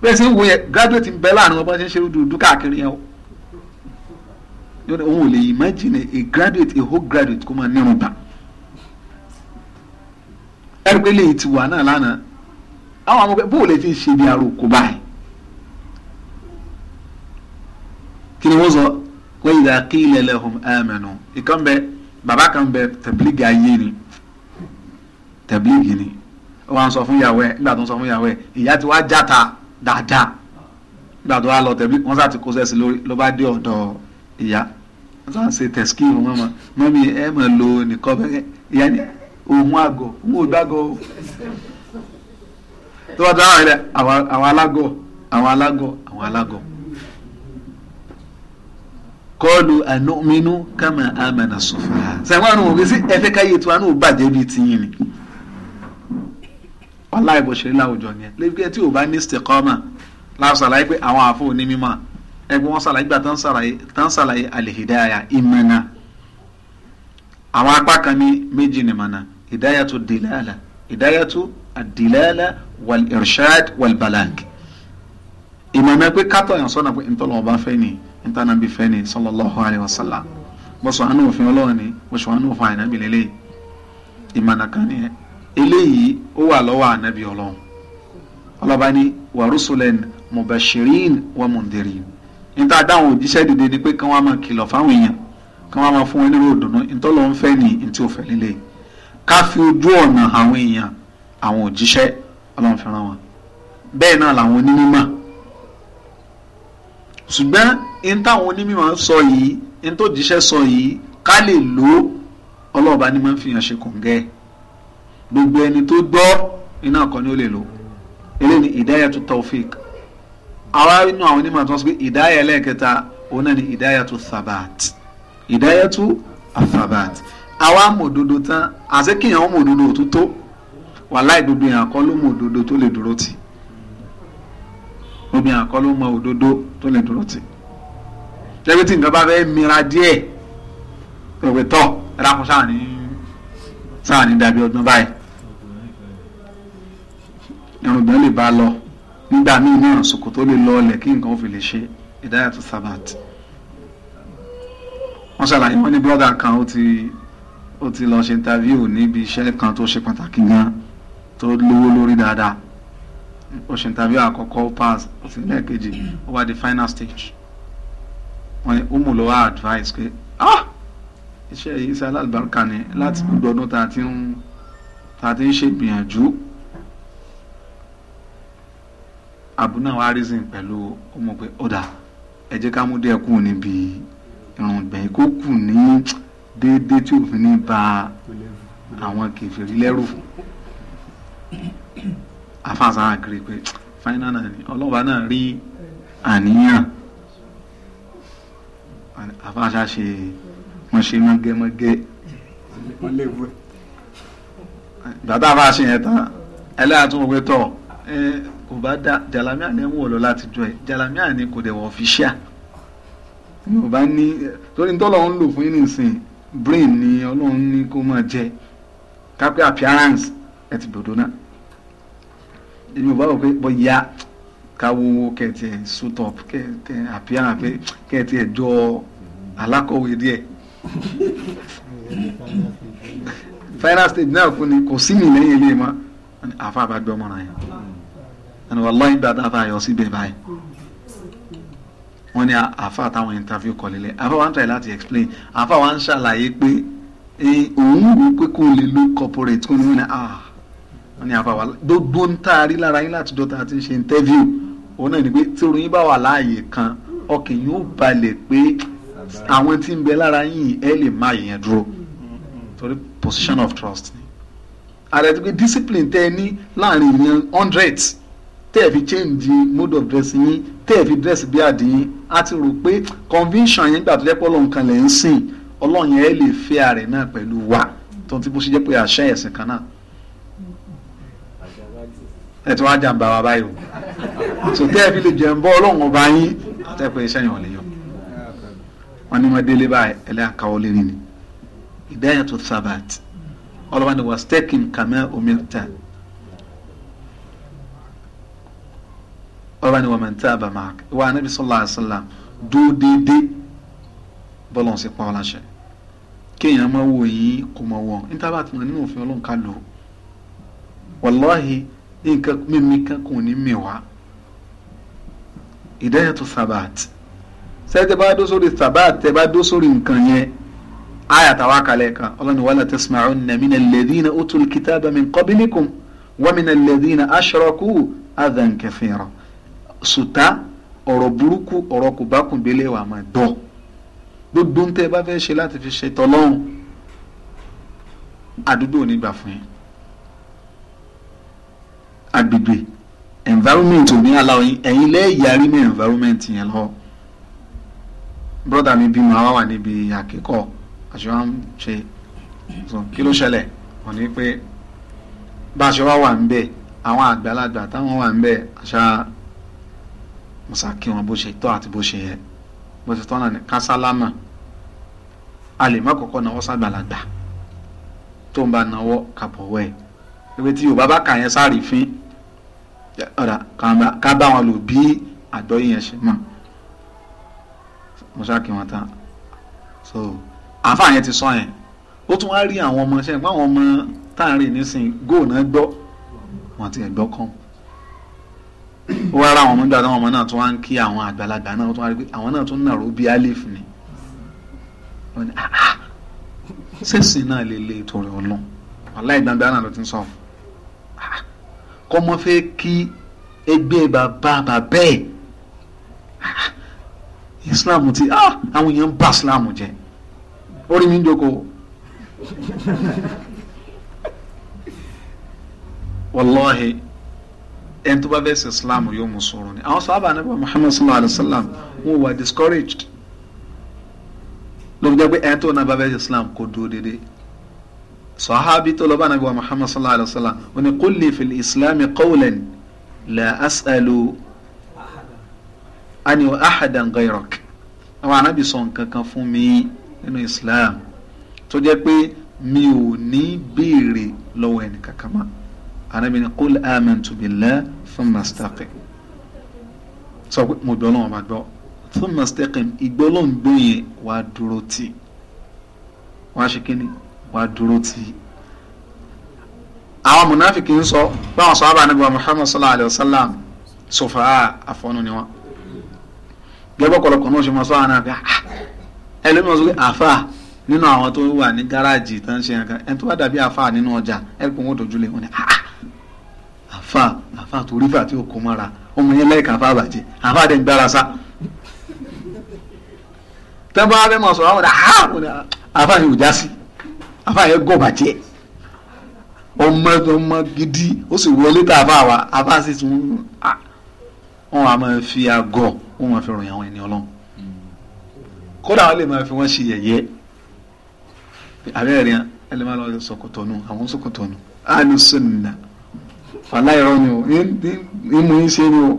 bí ẹ ṣe ń wo yẹn graduate ń bẹ láàrin wọn bá ṣe ń ṣe rúdurùdu káàkiri yẹn o yọ̀dọ̀ òun ò lè imagine a graduate a whole graduate kó máa nírun bá ẹ̀rí pé lè ti wà náà lánàá àwọn ọmọ pé bóòlù ti ń ṣe bí aróko báyìí kí ni wọ́n sọ wọ́n yìí dà kí ilẹ̀ lẹ́hùn ẹ̀mẹ̀nù ìkànnbẹ́ bàbá kan bẹ tẹ̀blígì ayé ni tẹ̀blígì ni ó wá ń sọ fún ìyàwó ẹ̀ nígbà tó ń sọ fún ìyàwó ẹ̀ ìyá ti wá játa dáadáa nígbà tó wá lọ tẹ̀blígì wọ́n sá ti kó sẹ́sì lórí ló bá dé ọ̀dọ̀ ìyá wọ́n sá ń ṣe tẹ̀síkì fún mọ́mọ́ mọ́mí ẹ mọ̀ lo nìkan bẹ́ẹ̀ ìyá ni òun àgọ̀ òun ò gbàgọ̀ tó bá dáhùn rẹ̀ àwọn alágọ̀ àwọn alágọ̀ àwọn alágọ̀ kọlu anuminu kama amana sofa sàgbọn àwọn òwe sí ẹfẹ káyé tiwa náà bàjẹ́ bíi tiyín ni wàláì bó ṣe rí láwùjọ nìyẹn lẹ́gbẹ́ tí o bá ní stekọ́mà láwọn ṣàlàyé pé àwọn àfọ òní mímọ́ ẹgbẹ́ wọn ṣàlàyé gbà tán ṣàlàyé alihidaya ìmọ̀nà àwọn apá kan ní méjì ní mọ̀nà hidayatu dilala hidayatu adilala wal irshad wal balag ìmọ̀nà pé kátó àyànṣọ́nà pé ntọ́lọ́wọ́ bá fẹ́ nìyí níta nàbí fẹ́ ni sallallahu alayhi wa sallam bọ́sọ̀ àánú òfin ọlọ́run ni bọ́sọ̀ àánú òfin ànábì lélẹ́yìí ìmọ̀nà kan nìyẹn eléyìí ó wà lọ́wọ́ ànábì ọlọ́run ọlọ́ba ní wa rusulan mubashirin wa mundhirin níta dáhùn òjíṣẹ́ dìde ni pé kí wọ́n máa kìlọ̀ fáwọn èèyàn kí wọ́n máa fún wọn nírò ìdùnnú ntọ́lọ́ ń fẹ́ ni ntí ò fẹ́ líle ká fi ojú ọ̀nà àwọn èèyàn àwọn òjíṣẹ́ ọlọ́run fẹ́ràn wọn bẹ́ẹ̀ náà làwọn onímọ̀ ṣùgbọ́n n táwọn onímọ̀ ń sọ yìí n tó jíṣẹ́ sọ yìí ká lè lò ọlọ́ọ̀bá ni máa ń fihàn ṣe kòǹgẹ́ gbogbo ẹni tó gbọ́ iná kan ni ó lè lò eléyìí ni ìdáyàtú taofik àwa inú àwọn onímọ̀ tó ń sọ pé ìdáyà ẹlẹ́ẹ̀kẹta òun náà ni ìdáyàtú thabat ìdáyàtú athabat àwa mòdodo tán àti kíyàn ó mòdodo òtútó wàláì gbogbo yàn kọ́ ló mòdodo tó lè dúró tì gbogbo yàn kọ́ ló mọ òdodo tó lè dúró tì jẹ́pẹ́ tí nǹkan bá fẹ́ mira díẹ̀ òwe tọ̀ ẹ̀rá fún sáà ní sáà ní dàbí ọdún báyìí ẹ̀rùngbọ́n lè bá lọ nígbà míì náà ṣòkòtò lè lọ ọlẹ̀ kí nǹkan ó fi lè ṣe ìdáyàtọ̀ sabat wọ́n ṣàlàyé wọ́n ní brọ́dà kan ó ti ó ti lọ ṣe interview níbi iṣẹ́ kan tó ṣe pàtàkì gan tó lówó lórí dáadáa ó ṣe interview àkọ́kọ́ pass ó sì lẹ́ẹ̀kejì ó wá di final stage wọ́n ní umu ló wá advice pé ah iṣẹ́ yìí ṣe alálùbáríkà ni láti mm. gbogbo ọdún tá a ti ń tá a ti ń ṣègbìyànjú àbúnà wa reason pẹ̀lú ọmọ pé ọ̀dà ẹ jẹ́ ká mú díẹ̀ kù níbi irun gbẹ̀yìn kó kù ní déédéé tí òfin ní ba àwọn kèfèrí lẹ́rù fún afáàsá àgírí pé fáínà náà ni ọlọ́wà náà rí àníyàn àfáàṣà ṣe wọ́n ṣe mọ́gẹ́mọ́gẹ́ bàtà àfáàṣà yẹn tán ẹlẹ́yà tún wọ́n pé tọ̀ ẹ kò bá da jalamiya ni wọ́n lọ láti jọ ẹ jalamiya ni kò dẹ̀ wọ́n fi ṣíà yóò bá ní torí tọ́lọ́run ń lò fún yín nìsín brain ni ọlọ́run ní kó máa jẹ kápẹ́ appearance ẹ̀ ti gbòdo náà èmi ò bá wò pé bóyá káwo kẹ̀tì ẹ̀ suit up kẹ̀tì ẹ̀ appearance kẹ̀tì ẹ̀ jọ ọ́ alákọ̀wé díẹ̀ final stage náà kò ní kò sí mi lẹ́yìn ilé mọ́ àfa àbágbé ọmọ náà yẹn ẹni wàláyé gbà tá a fà yọ báyìí wọ́n ní àfa àtàwọn interview kọ́ lélẹ̀ àfa wa ń try láti explain àfa wa ń ṣàlàyé pé òun wò pé kò lè lo corporate kò ní wọ́n ní ah wọ́n ní àfa wa gbogbo ń taari lára yín láti dọ́ta ti ṣe interview òun náà ni pé tí orin yín bá wà láàyè kan ọkàn yóò balẹ̀ pé àwọn tí ń bẹ lára yín ẹ lè má yẹn dúró torí position of trust ni ààrẹ discipline tẹ ẹ ní láàrin yẹn hundred tẹ ẹ fi change mode of dress. yín tẹ ẹ fi dress bí àdín a ti rò pé convention yẹn gbà tó jẹ́ pé ọlọ́run kan lè ń sìn ọlọ́run yẹn ẹ lè fẹ́ ààrẹ náà pẹ̀lú wa tó ti bó ṣe jẹ́ pé àṣẹ ẹ̀sìn kan náà ẹ tí wọ́n á jàǹbá wa báyìí o so tẹ́ ẹ fi lè jẹun bọ́ ọlọ́run ọba yín àtẹ́pẹ́ iṣẹ́ yẹn lè wọn ní wọn délé báyìí ẹlẹ́ àkàwọ́ lérí ni hidayatu thabat ọlọ́wọ́n ni wastaqim kama umirta ọlọ́wọ́n ni waman taba ma'ak ìwà anabi sallallahu alayhi wa sallam dúró déédéé bọ́lọ̀ sí pa ọ́ láṣẹ kéèyàn máa wò yín kò mọ̀ wọ́n níta bá ti mọ̀ nínú òfin ọlọ́run ká lò ó wàláhì nǹkan mímí kan kò ní mìwá hidayatu thabat tẹ́tẹ́ bá dó sórí thabat tẹ́ bá dó sórí nǹkan yẹn aya tàwa kalẹ̀ kan ọlọ́ni wala tasma'unna mina alladhina utul kitaba min qablikum wa mina alladhina ashraku adhan kathira sùtá ọ̀rọ̀ burúkú ọ̀rọ̀ kòbákùnbélé wà máa dọ̀ gbogbo ń tẹ́ bá fẹ́ ṣe láti fi ṣe tọ́lọ́hún àdúgbò onígbà fún yín agbègbè environment ò ní aláwọ̀ yín ẹ̀yin lẹ́yìn yarí ní environment yẹn lọ́wọ́ brọ́dà mi bímọ àwa wà níbi àkíkọ̀ àṣẹ wa ń ṣe kí ló ṣẹlẹ̀ wọ́n ní pé bá a ṣe wá wà ń bẹ̀ àwọn àgbàlagbà táwọn wà ń bẹ̀ àṣà mùsàkí wọn bó ṣe tọ́ àti bó ṣe yẹ bó ṣe tọ́ náà ní kásálámà a má kọ́kọ́ náwó sàgbàlagbà tó ń bá náwó kàbọ̀wọ́ ẹ̀ pé tí Yorùbá bá kà yẹn sáré fín ọ̀dà ká bá wọn lò bí àgbọ̀yé yẹn ṣe mọ̀ mo wọn tán so àǹfààní yẹn ti sọ yẹn ó tún wá rí àwọn ọmọ ṣẹ́yìn pé àwọn ọmọ tá à ń rìn nísìnyí góò náà gbọ́ wọn ti gbọ́ kàn ó wá rá àwọn ọmọ nígbà táwọn ọmọ náà tún wá ń kí àwọn àgbàlagbà náà tún wá rí pé àwọn náà tún nàró bí alif ni wọn ni sẹ́sì náà lè lè torí ọlọ́n aláìgbàgbà náà ló ti ń sọ ah, ah. kọ́mọ fẹ́ kí ẹgbẹ́ bàbá bàbá ẹ̀ ah, islam ti ah àwọn èèyàn ń bà islam jẹ́ orí mi ń jókòó wàláhi ẹni tó bá fẹ́ sin islam yóò mú sọ̀rọ̀ ni àwọn sábà ní bá muhammad sallallahu alayhi wa sallam wọn wà discouraged ló fi jẹ́ pé ẹni tó náà bá fẹ́ sin islam kò dúró dédé sahabi tó lọ́ba náà bí wa muhammad sallallahu alayhi wa sallam wọn ni qul li fil islam qawlan la as'alu ani wa ahadan gairak àwọn anábì sọ nǹkan kan fún mi nínú islam tó jẹ́ pé mi ò ní béèrè lọ́wọ́ ẹnì kankan mọ́ anábì ni qul amantu billah thumma istaqim sọ pé mo gbọ́ lọ́wọ́ máa gbọ́ thumma istaqim ìgbọ́ lọ́wọ́ ń gbé yẹn wàá dúró tì wàá ṣe kínní wàá dúró tì àwọn munafiki ń sọ báwọn sọ abànibà muhammad sallallahu alayhi wa sallam sọfà àfọnù ni wọn gẹ́gẹ́ ọ̀pọ̀lọpọ̀ náà ṣe mọ sọ́wọ́n náà bíi ah, ah. ẹlẹ́mi wọn sọ pé àfà nínú àwọn tó wà ní gáràjì tó ń ṣe nǹkan ẹni tó bá dàbí àfà nínú ọjà ẹ̀kọ́ wọn dojú lé wọn ni ah, àfà àfà torí fà tí ó kó mọ́ra ọmọ yẹn lẹ́ẹ̀ka àfà bàjẹ́ àfà dẹ̀ ń gbára sá tẹ́bá bẹ́ẹ̀ mọ̀ sọ̀rọ̀ àwọn ọ̀dà àfà yẹn ò já sí àfà yẹn gọ̀ bàjẹ́ ọmọ ọmọ gidi ó sì wọlé tá àfà wa àfà sì tún wọn àmọ́ fi àgọ̀ wọ́n máa fi ròyìn àwọn ẹni ọlọ́run mm. kódà wọ́n lè máa fi wọ́n ṣe yẹ̀yẹ́ àbẹ́rẹ́ ẹ lè máa lọ sọkòtọ́nù àwọn sọkòtọ́nù àánú sunna fàlàyọ̀ ni o ìmú yín ṣe ni o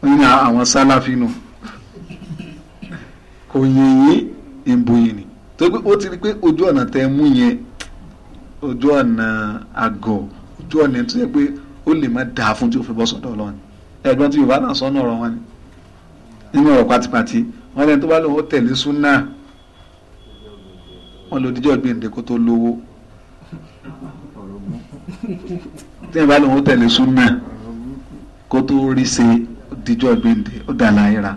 wọ́n ní àwọn sálàfin nù kò yẹ̀yẹ́ ìbòyìn ni tó pé ó ti rí pé ojú ọ̀nà tẹ mú yẹn ojú ọ̀nà àgọ̀ ojú ọ̀nà tó yẹ pé ó lè má dáa fún tí ó fi bọ́ sọ́dọ̀ ọlọ́run ẹ̀gbọ́n tí yorùbá náà sọ́nà ọ̀rọ̀ wọn ni nínú ọ̀rọ̀ pátípátí wọn lẹ́ni tó bá lóun ó tẹ̀lé súnà wọn lò díjọ́ gbèǹde kó tó lówó tíyẹn bá lóun ó tẹ̀lé súnà kó tó rí ṣe díjọ́ gbèǹde ó dà láyéra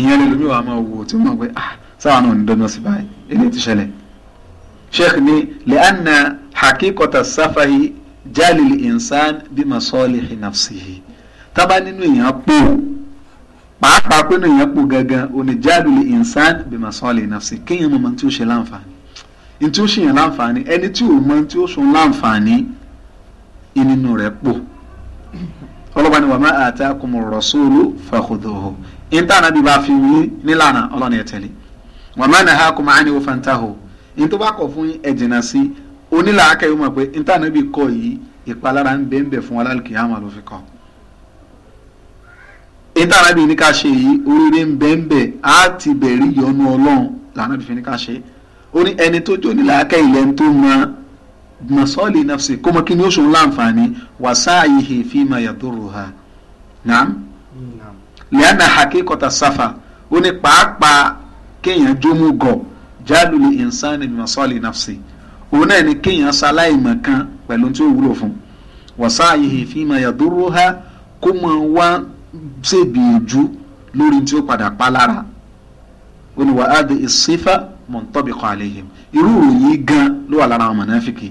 ìyẹn lómi wàá máa wò tí wọn gbé ah sáwọn náà ní dandan sí báyìí eléyìí ti ṣẹlẹ̀ sheikh ni lẹ́ànà hakikota sáfàyí jálìlì ìnsán bí masọ́ọ̀lì nafsihi tábà nínú èèyàn pò pàápàá pé èèyàn pò gangan òní jálìlì ìnsán bí masọ́ọ̀lì nafsihi kéèyàn mọ̀ mọ́ tí ó ṣe láǹfààní ní tí ó ṣèyàn láǹfààní ẹni tí ò mọ̀ tí ó ṣun láǹfààní ìnínú rẹ̀ pò ọlọ́pàá ni wàmí àti akùnmọ̀ rọ̀ṣọ́ọ̀lù fàkùdùhù ìntànà bí bá fi wí nílànà ọlọ́ni ẹ̀tẹ̀lẹ̀ wàmí àná ha kùnmọ̀ àní wọ́n fanta bá kọ̀ fún ẹ̀jìnà sí onílàákẹ́ yóò mọ̀ pé ntànàbí kọ yìí ìpalára ń bẹ́ ń bẹ̀ fún wa lálùkì àmọ́ ló fi kọ́ ntànàbí ní ká ṣe yìí oríire ń bẹ́ ń bẹ̀ á ti bẹ̀rí yọnu ọlọ́run làwọn àbí fi ní ṣe ó ní ẹni tó jó onílàákẹ́ ilẹ̀ ń tó mọ mọ̀sọ́ọ̀lì nafsi kó mọ kí ni ó ṣòun láǹfààní wàsáàyè fíìmà yadurruha naam lẹ́yìn àhàkíkọ̀tà sáfà ó ní pàápàá kéèyàn jómú gọ̀ jálùlẹ̀ ìnsánì mọ̀sọ́ọ̀lì nafsi òun náà ni kéèyàn ṣaláìmọ̀ kan pẹ̀lú tí ó wúlò fún wàsá ìhè fíìmọ̀ yàdúró ha kó mọ̀ wá ṣèbìyànjú lórí tí ó padà pa lára ó ní wàá di ìsífà mọ̀ntọ́bìkọ́ àlehìm irú òyìn gan ló wà lára àwọn mọ̀nàfíkì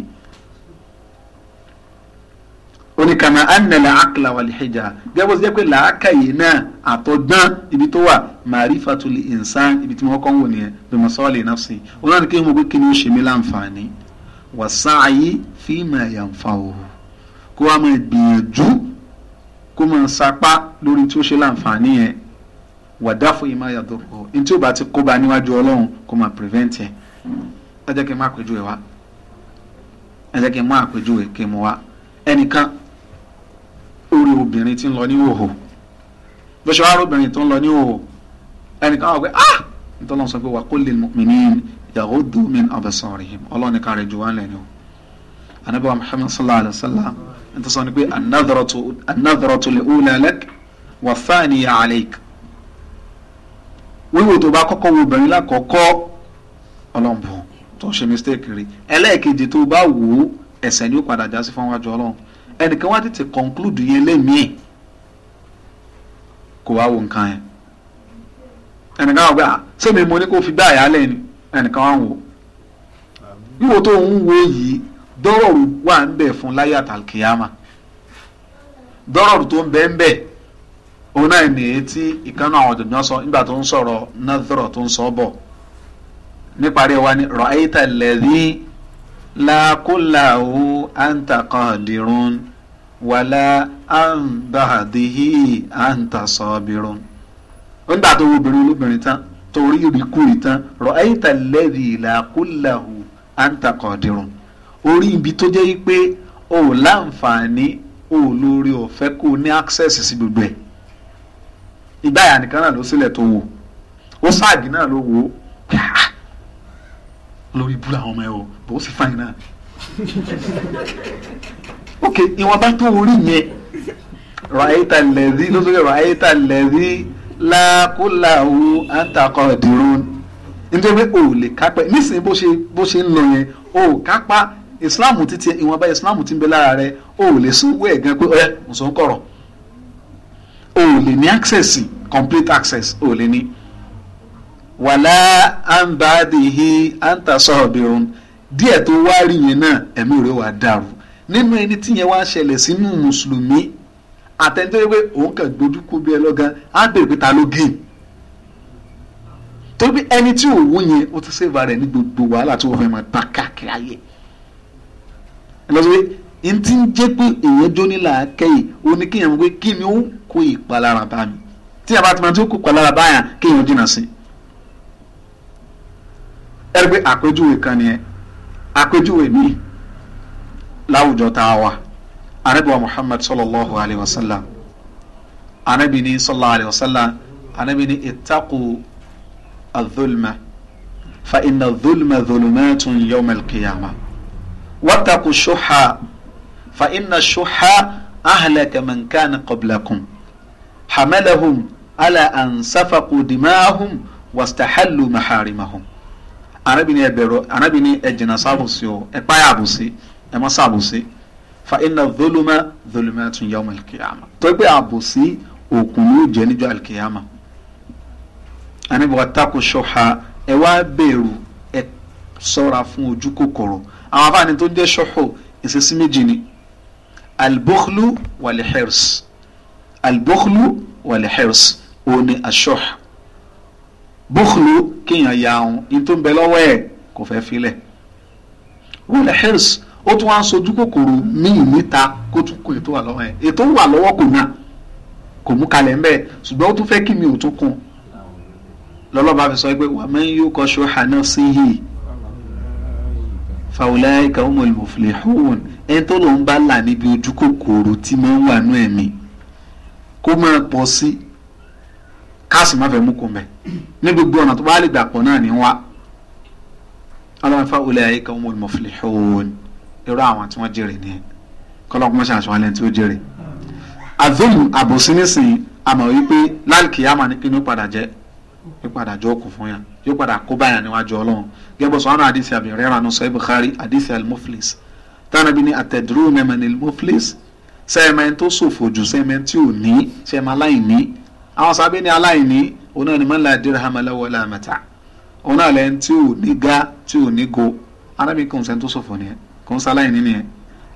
ó ní kàmá ànàlà àkàlà wà lìhìjà gẹ́gẹ́ bó ṣe jẹ́ pé làákà yìí náà àtọ̀gbọ́n ibi tó wà màrífàtúlì ìnsán ibi tí wọ́n kọ́ ń wò nìyẹn bí mo náà sí i ó pé kí ni ó ṣe mí láǹfààní wàsáàyè fima yànfà òhù kó wàá máa gbìyànjú kó máa sapá lórí tí ó ṣe láǹfààní yẹn wàdáfò yìí máa yàtọ̀ pọ̀ ní tí ó bá ti kóba níwájú ọlọ́run kó máa prevent yẹn ẹ jẹ́ kí n má àpèjúwe wá ẹ jẹ́ kí n má àpèjúwe kí n mú wá ẹnìkan orí obìnrin tí ń lọ ní bó ṣe wá obìnrin tó ń lọ ní ẹnìkan wà pé ah nítorí wọn sọ pé wà kó lè mọ̀mìnì yaghuddu min abasarihim ọlọ́run ní kárẹ̀ jù wá lẹ́nu o anabiwa muhammad sallallahu alayhi wa sallam n ta sọ ni pé an-nadhratu al-ula lak wa thaniya alayk wíwò tó bá kọ́kọ́ wo obìnrin lákọ̀ọ́kọ́ ọlọ́mbù tó ṣe mistake rí ẹlẹ́ẹ̀kejì tó bá wò ó ẹ̀ṣẹ̀ ni ó padà já sí fún wájú ọlọ́run ẹnìkan wá tètè conclude yẹn lẹ́mìí kò wá wo nǹkan yẹn ẹnìkan wà pé sẹ́mi mo ní kó fi gbá àyálẹ̀ ni ẹnìkan á wò wíwo tó ń wo yìí dọ́rọ̀rù wà ń bẹ̀ fún láyé àtàlùkìyàmà dọ́rọ̀rù tó ń bẹ ń bẹ̀ òun náà ní etí ìkànnì àwọn ọ̀dọ̀dọ̀ sọ nígbà tó ń sọ̀rọ̀ nàdọ̀rọ̀ tó ń sọ bọ̀ wa la wala an anta sabirun. tó wo obìnrin olóbìnrin torí ìrìkúrì tán rọ ayíta lẹ́rì ìlàkúlàhù àǹtakọ̀dìrún orí ibi tó jẹ́ pé o ò láǹfààní o ò lórí ọ̀fẹ́ kó o ní access sí gbogbo ẹ̀ ìgbáyà nìkan náà ló sílẹ̀ tó wò ó sáàgì náà ló wò ó ah, lórí ibú làwọn ọmọ ẹ o bó sì fáyín náà [laughs] ok ìwọ̀nba tó orí yẹn rọ ayíta lẹ́rì ló sọ làákúláwù àǹtakọ̀ ìdìrún nítorí pé o ò lè kápẹ́ nísìnyí bó ṣe bó ṣe ń lọ yẹn o ò kápá ìsìláàmù títí ìwọ̀nba ìsìláàmù tí ń bẹ lára rẹ o ò lè sanwó ẹ̀ gan pé ẹ ǹsán kọ̀rọ̀ o lè ní access complete access o ò lè ní. wàlá àǹbáàdìhí àǹtasọ̀rọ̀bìrún díẹ̀ tó wá rí yẹn náà ẹ̀mí rẹ̀ wà dàrú nínú ẹni tí yẹn wá ṣẹlẹ̀ sínú mùsùlùmí àtẹnudọ́ yẹn pé òun kàn gbójú kó bí ẹ lọ́gán á bèrè pé ta ló gé torí pé ẹni tí òun yẹn ó ti sèvà rẹ̀ ní gbogbo wàhálà tí wọ́n fẹ́ máa ta káàkiri ayé ẹ lọ sọ pé n ti ń jẹ́ pé èèyàn jó nílà ó ní kéèyàn mọ̀ kí ni ó ń kó ìpalára bá mi tí a bá ti máa ti kó ìpalára bá yàn kéèyàn jìnnà sí ẹ rí pé àpèjúwe kan nìyẹn àpèjúwe mi láwùjọ tá a wà anabi wa muhammad sallallahu alayhi wa sallam anabi ni sallallahu alayhi wa sallam anabi ni ittaqu adh-dhulma fa inna adh-dhulma dhulumatun yawm al-qiyamah wattaqu ash-shuhha fa inna ash-shuhha ahlaka man kana qablakum hamalahum ala an safaqu dima'ahum wastahallu maharimahum anabi ni ẹ anabi ni ẹ jìnnà o ẹ páyà àbùsí ẹ fa iná dólúmá dólúmá tún yá ọmọ ìkìyàmà tó pé àbòsí òkun ló jẹ́ níjọ́ àlìkìyàmà àníbi wa tako ṣọ́ha ẹ wá bẹ̀rù ẹ sọ́ra fún ojú kòkòrò àwọn afáàní tó ń jẹ́ ṣọ́hó ìṣesí ni albukhlu walihirs albukhlu walihirs òun ni aṣọ́h bukhlu kéèyàn ya ahun ní tó bẹ lọ́wọ́ ẹ̀ kò fẹ́ filẹ̀ walihirs ó tún wá ń sojú kòkòrò míì níta kó tún kún ètò wà lọ́wọ́ ẹ̀ ètò wà lọ́wọ́ kò náà kò mú kalẹ̀ ń bẹ̀ ṣùgbọ́n ó tún fẹ́ kí mi ò tún kún lọ́lọ́ba fi sọ pé wà man yuqa shuha nafsihi fa ulaika humul muflihun ẹni tó lòun bá là níbi ojú kòkòrò tí máa ń wà nú ẹ̀mí kó máa pọ̀ sí káàsì má fẹ́ mú kó mẹ́ ní gbogbo ọ̀nà tó bá lè gbà pọ̀ náà ní wá ọlọ́run fa ulaika humul muflihun irú àwọn tí wọ́n jèrè nìyẹn kọ́lọ́kùn mọ́ṣẹ́ àṣọ alẹ́ tí ó jèrè. àdúlù àbòsí nísìnyí àmọ̀ wípé láìkì àmà ní kíni ó padà jẹ́ yóò padà jọ òkun fún yàn yóò padà kó báyà níwájú ọlọ́run gẹ́gbọ́ sọ àwọn àdìsí àbí rẹ́ra nù sọ ibùkárí àdìsí al-muflis táwọn ibi ní àtẹ̀dúró mẹ́mẹ́ ní al-muflis sẹ́ẹ̀mẹ́ tó ṣòfò jù sẹ́ẹ̀mẹ́ tí ò ní sẹ́ẹ̀mẹ́ aláìní àwọn sábẹ́ ní aláìní òun ni man la dirhama lahu wala mata' òun náà lẹ́yìn tí ò ní ga tí ò ní go arábìnrin kan tó ṣòfò nìyẹn kò ń ṣaláìní nìyẹn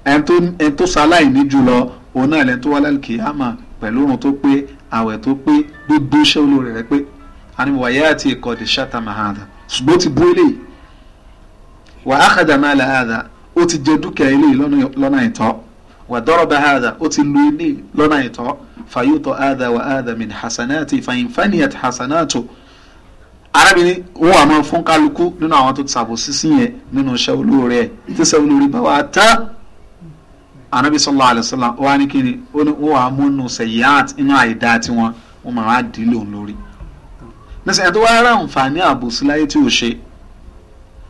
ẹni tó ṣaláìní jùlọ òun náà lẹ́ni tó wá lálùkìyàmà pẹ̀lú òrùn tó pé àwẹ̀ tó pé gbogbo iṣẹ́ olóore rẹ̀ pé àní wàyà àti ìkọ̀dé ṣáta mahadà ṣùgbọ́n ó ti bú eléyìí wà á kàdà máa là hàdà ó ti jẹ dúkìá eléyìí lọ́nà ìtọ́ wà dọ́rọ̀ bá hàdà ó ti lu eléyìí lọ́nà ìtọ́ fàyótọ̀ hàdà wà hàdà min hasanati fàyínfàníyàt hasanatu arábìnrin wọn àmọ́ fún kálukú nínú àwọn tó ti ṣàbòsí sí yẹn nínú iṣẹ́ olóore ẹ̀ tí iṣẹ́ olóore bá wà tán anabi sallallahu alayhi wa sallam wa ni kini ó ní ó wàá múnú sẹyáàt inú àìdá tiwọn wọn máa wá dì í lòun lórí nísìnyí àti wàá rà nǹfààní àbòsí láyé tí ò ṣe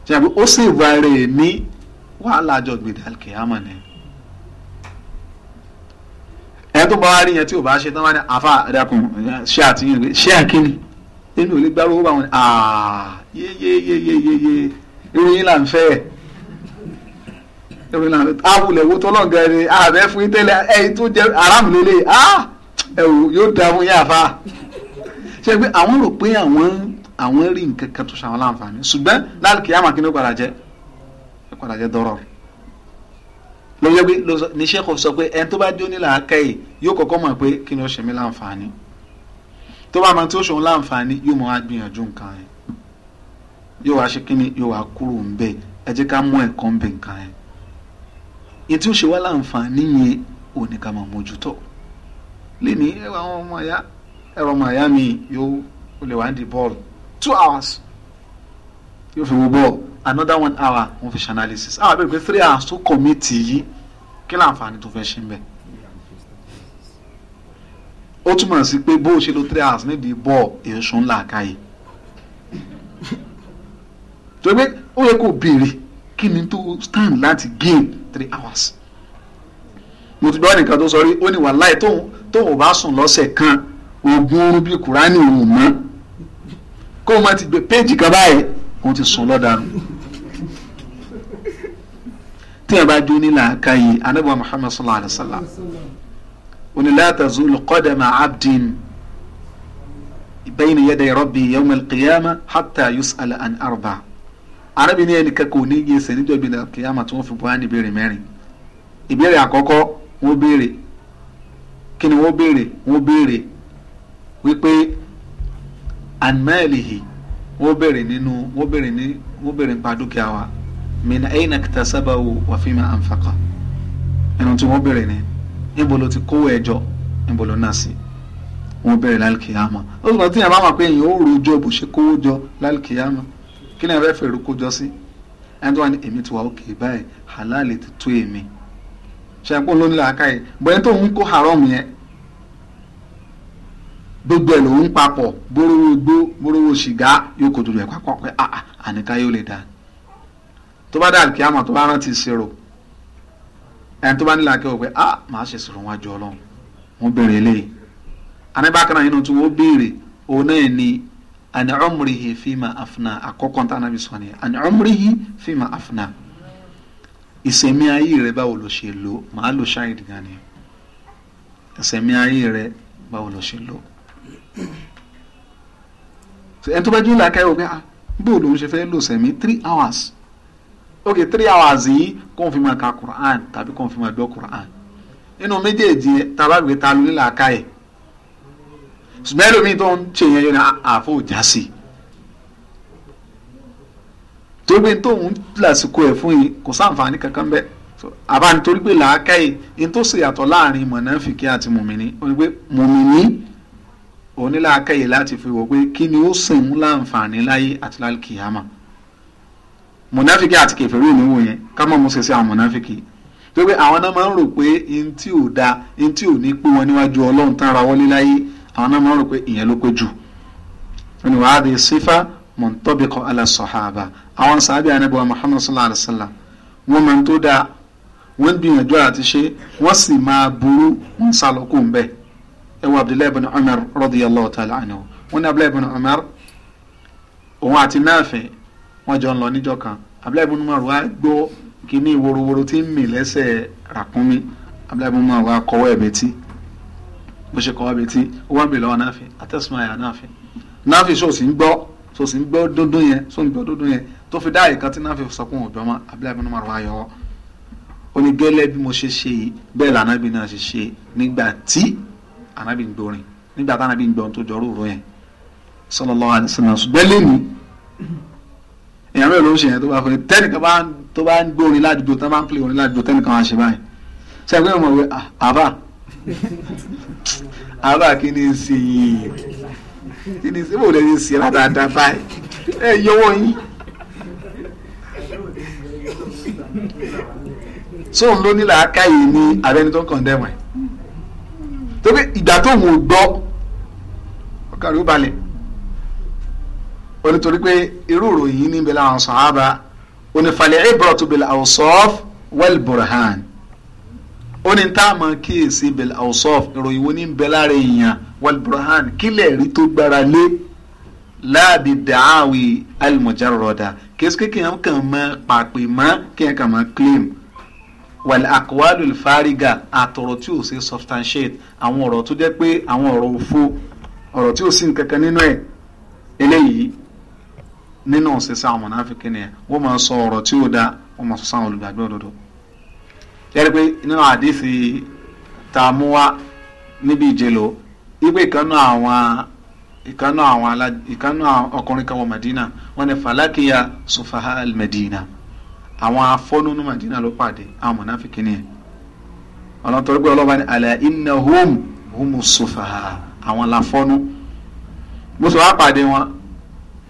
ṣe àbí ó sì wà rẹ̀ ní wàhálà àjọ gbèdà kìámà ni ẹ tó bá wá rí yẹn tí ò bá ṣe tán wá ní àfa àdàkùn ṣé àtìyìn ṣé àkíní èmi ò lè gbárò owó àwọn ah, yeyeyeyeyeye ìròyìn là ń fẹ́ ìròyìn là ń fẹ́ awulẹ̀ wo tọ́lọ̀ gan ni àbẹ́ fún yín tẹ́lẹ̀ ẹ̀yin tó jẹ́ aráàmù lélẹ̀ ah, ẹ̀wò yóò da fún yín àfa ṣe pé àwọn rò pé àwọn àwọn rí nǹkan kan tó ṣàwọn láǹfààní ṣùgbọ́n láàkì àmà kí ni ó padà jẹ́ ó padà jẹ́ dọ́rọ̀ ló yẹ pé ní sẹ́kọ̀ọ́ sọ pé ẹni tó bá jó nílà ákẹ́yì yóò kọ́kọ́ mọ̀ pé kí ni ó ṣe mí láǹfààní tó bá máa tí ó ṣòun láǹfààní yóò máa gbìyànjú nǹkan yẹn yóò wá ṣe kíni yóò wá kúrò ń bẹ ẹ jẹ́ ká mú ẹ̀kọ́ ń bẹ nǹkan yẹn yìí tí ó ṣe wá láǹfààní yẹn ò ní ká máa mójútó lẹ́ni ẹ̀rọ àwọn ọmọ ẹ̀yà ẹ̀rọ ọmọ ẹ̀yà mi yóò ó lè wá ń di bọ́ọ̀lù two hours yóò fi wo bọ́ọ̀lù another one hour wọ́n fi ṣe analysis àwọn abẹ́rẹ́ pé three hours tó kọ̀ mí tì yí kí láǹfààní tó fẹ́ ṣe ń bẹ́ẹ̀ ó túmọ̀ sí pé bó o ṣe lo three hours nídìí bọ́ọ̀ èso ńlá káyè tó gbé ó yẹ kó béèrè kí ni tó stand láti gain three hours mo ti gbọ́ nìkan tó sọ rí ó ní wàláì tóun ò bá sùn lọ́sẹ̀ kan oògùn oorun bíi kùránì òun mọ́ kó o má ti gbé péjì kan báyìí òun ti sùn lọ́daràn tí a bá jó ní làákàyè anábọ̀ Muhammad sallallahu alayhi wa sallam oni la tazulu qadama abdin bayna yaday rabbi yawma alqiyama hatta yus'ala an arba arabi ni ẹnìkan kò ní yẹ sẹ níjọ́ ìbílẹ̀ alqiyama tí wọ́n fi bọ́ á ní ìbéèrè mẹ́rin ìbéèrè àkọ́kọ́ wọ́n béèrè kí ni wọ́n béèrè wọ́n béèrè wípé anmailihi wọ́n béèrè nínú wọ́n béèrè ní wọ́n béèrè nípa dúkìá wa min aina kitasabahu wa fima anfaqa ẹnu tí wọ́n béèrè ni níbo ló ti kówó ẹjọ́ níbo ló náà sí wọn bẹ̀rẹ̀ lálùkìyàmọ ó sọ tí yẹn bá mọ̀ pé èèyàn ó rojọ́ bó ṣe kówó jọ lálùkìyàmọ kí ni ẹ fẹ́ fèrè kójọ sí ẹni tó wà ní èmi ti wà òkè báyìí halali ti tó èmi ṣàpọ̀ ló ní làákà yìí bọ́ẹ̀ tó ń kó haram yẹn gbogbo ẹ̀ lòún papọ̀ bórówó igbó bórówó sìgá yóò kojú rẹ̀ papọ̀ pé ah, ah, àníká yóò lè dà tó bá dà kí tó bá rántí ṣèrò ẹni tó bá nílò akẹ́wọ̀ pé ah màá ṣe sọ̀rọ̀ wájú ọlọ́run wọ́n béèrè eléyìí anábàákan náà nínú tí wọ́n béèrè òun náà ni àní ọmọrìhì fíìmà àfúnà àkọ́kọ́ tá ànábì sọ ni àní ọmọrìhì fíìmà àfúnà ìsẹ̀mí ayé rẹ báwo ló ṣe lò màá lò ṣáìd gan ni ìsẹ̀mí ayé rẹ báwo ló ṣe lò ẹni tó bá jù nílò akẹ́wọ̀ pé ah bóòlù ń ṣe fẹ́ lò sẹ̀mí three hours ok three hours yìí kò fi máa ka quran tàbí kò fi máa gbọ́ quran nínú méjèèjì tabagbe ta ló ní làákà yẹ ṣùgbọ́n ẹlòmíì tó ń ṣe yẹn yẹn ah, àfọ òjá sí i tó gbé tóun lásìkò ẹ̀ fún yìí kò sáǹfààní kankan bẹ́ẹ̀ àbáni torí pé làákà yìí ní tó ṣe yàtọ̀ láàrin mọ̀nàfìkì àti mùmìnì ó pé mùmìnì onílàákà yìí láti fi wò pé kí ni ó sìn ń láǹfààní láyé àti lálùkìyàmà. La mùnáfíkì àti kẹfẹ́rú ìníwò yẹn ká mọ̀ mú ṣe sí àwọn mùnáfíkì tó pé àwọn náà máa ń rò pé n tí ò da n tí ò ní pé wọn níwájú ọlọ́run tán ra wọlé láyé àwọn náà máa ń rò pé ìyẹn ló pé jù wọn wàá di sífà mọ̀ntọ́bìkọ alásọ̀háàbà àwọn sàábì anábìwá muhammad sallallahu alayhi wa sallam wọn máa ń tó dáa wọn ń gbìyànjú àti ṣe wọn sì máa burú wọn ń sálọ kó ń bẹ́ẹ̀ ẹwọ abdullahi bin umar radiyallahu ta'ala anhu wọn ní abdullahi bin umar òun àti náàfin wọ́n jọ ń lọ níjọ́ kan abdullahi ibn umar wá gbọ́ kíní worowóró tí ń mì lẹ́sẹ̀ ràkúnmí abdullahi ibn umar wá kọwọ́ ẹ̀ betí bó ṣe kọwọ́ betí ó wá ń bè lọ́wọ́ náàfin atẹ́sùn àyà náàfin náàfin ṣó sì ń gbọ́ ṣó sì ń gbọ́ dúndún yẹn ṣó ń gbọ́ dúndún yẹn tó fi dáàyè kan tí náàfin sọ pé òun ò bí ọmọ abdullahi umar wá yọ ọ́ ní gẹ́lẹ́ bí mo ṣe ṣe yìí bẹ́ẹ̀ lànàbí náà ṣe ṣe nígbà tí ànábì ń gbọ́rin nígbà tí ń gbọ́n sallallahu alaihi wasallam ṣùgbọ́n èèyàn mẹ́rin ló ń ṣe yẹn tó bá fẹ́ tẹ́nìkan bá tó bá ń gbé ládùúgbò tó bá ń pè orin ládùúgbò tẹ́nìkan á ṣe báyìí sẹ́yìn pé mo wẹ ah, àbá [laughs] àbá kí ni ń ṣe yìí kí ni ṣé mo lè ní ṣe ládàáda báyìí ẹ yọwọ́ yín. sóun ló ní làákàyè ní abẹ́ni tó ń kàn dẹ́mọ̀ ẹ̀ tó pé ìgbà tó ń gbọ́ ọkàn rẹ̀ ó balẹ̀ ó ní torí pé irú ìròyìn níbẹ̀ làwọn sàhábà ó ní falẹ̀ ibratu bil awsaf wal burhan ó ní tá a máa kíyèsí bil awsaf ìròyìn wo ní bẹ lára èèyàn wal burhan kílẹ̀ rí tó gbára lé láàbì dàáwì alimujarroda kìí kí kìí kàn máa pàpè mọ́ kìí kàn máa claim wàlẹ̀ àkọwálù ìfárígà àtọ̀rọ̀ tí ò ṣe substantiate àwọn ọ̀rọ̀ tó jẹ́ pé àwọn ọ̀rọ̀ òfo ọ̀rọ̀ tí ò sí nǹkan nínú ẹ̀ eléyìí nínú sísá àwọn mọ̀nàfíkì nìyẹn wọ́n máa sọ ọ̀rọ̀ tí ó dáa wọ́n máa sọ sáwọn olùgbàgbọ́ òdodo. yẹ́rì pé nínú àdìsí tá a mú wá níbi ìjẹ́lò ipe ìkànnà àwọn ìkànnà àwọn alá ọkùnrin kan wọ Madina wọ́n ní falakiya sufaha al-Madina àwọn afọ́núnú Madina ló pàdé àwọn mọ̀nàfíkì nìyẹn. ọlọ́tọ́ gbé ọlọ́ba ní ala innahum humus sufaha àwọn làfọ́nú. mo sọ wá pàdé wọn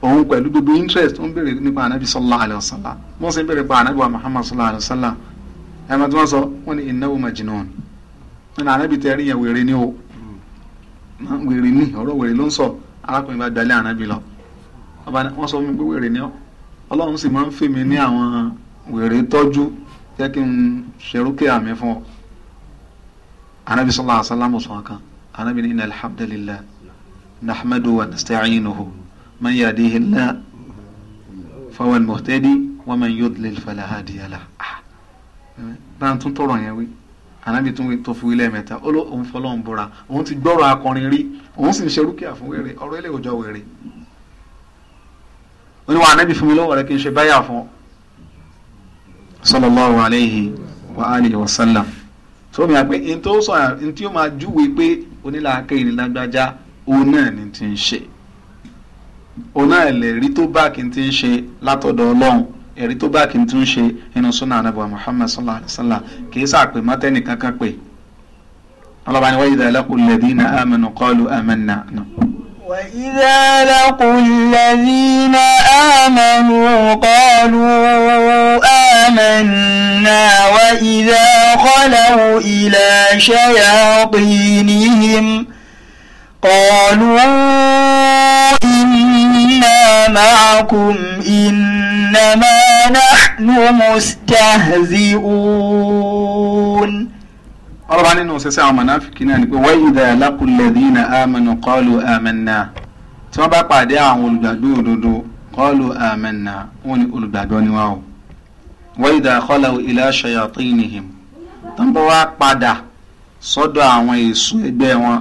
òun pẹ̀lú gbogbo interest ń béèrè nípa anabi sallallahu alayhi wa sallam wọ́n sì ń béèrè pa anabi wa muhammad sallallahu alayhi wa sallam ẹ̀ máa tí wọ́n sọ wọ́n ní innahu majnun nínú anabi tẹ́ ẹ̀rí yẹn wèrè ni o wèrè ni ọ̀rọ̀ wèrè ló ń sọ arákùnrin bá dalẹ̀ anabi lọ wọ́n sọ fún mi pé wèrè ni ọ́ ọlọ́run sì máa ń fèmí ní àwọn wèrè tọ́jú jẹ́ kí n ṣerúkẹ́ àmì fún ọ anabi sallallahu alayhi wa sallam sọ̀kan anabi ní من يهديه الله فهو المهتدي ومن يضلل فلا هادي له báà tún tọrọ yẹn wí anábì tún tó fún ilé mẹ́ta ó ló òun fọlọ́n búra òun ti gbọ́rọ̀ akọrin rí òun sì ń ṣe rúkìá fún wèrè ọ̀rọ̀ ilé òjọ wèrè oníwà anábì fún mi lọ́wọ́ rẹ kí n ṣe báyà fún sallallahu alayhi wa alihi wa sallam tó mi à pé n tó sọ n tí ó máa òun náà ni ti ń ṣe ọ̀nà ẹ̀lẹ́rí tó bá kí n ti ń ṣe látọ̀dọ̀ ọlọ́run ẹ̀rí tó bá kí n ti ń ṣe nínú sunnah anabuwa muhammad sallallahu alayhi wa sallam kì í sàpè mọ́tẹ́nì kankan pè ọlọ́ba ni wa idha laqul ladhina amanu qalu amanna náà. وإذا لقوا الذين آمنوا قالوا آمنا وإذا خلوا إلى شياطينهم قالوا لسنا معكم إنما نحن مستهزئون ọlọ́ba nínú ṣẹṣẹ́ àwọn mọ̀náfíkì náà ni pé wọ́n ìdá lákùlẹ̀dínà àmọ́nù kọ́ọ̀lù àmẹ́nà tí wọ́n bá pàdé àwọn olùgbàgbọ́ òdodo kọ́ọ̀lù àmẹ́nà wọ́n ní olùgbàgbọ́ ni wọ́n o wọ́n ìdá kọ́lá ilá ṣayàtìnìhìm tó ń bọ́ wá padà sọ́dọ̀ àwọn èso ẹgbẹ́ wọn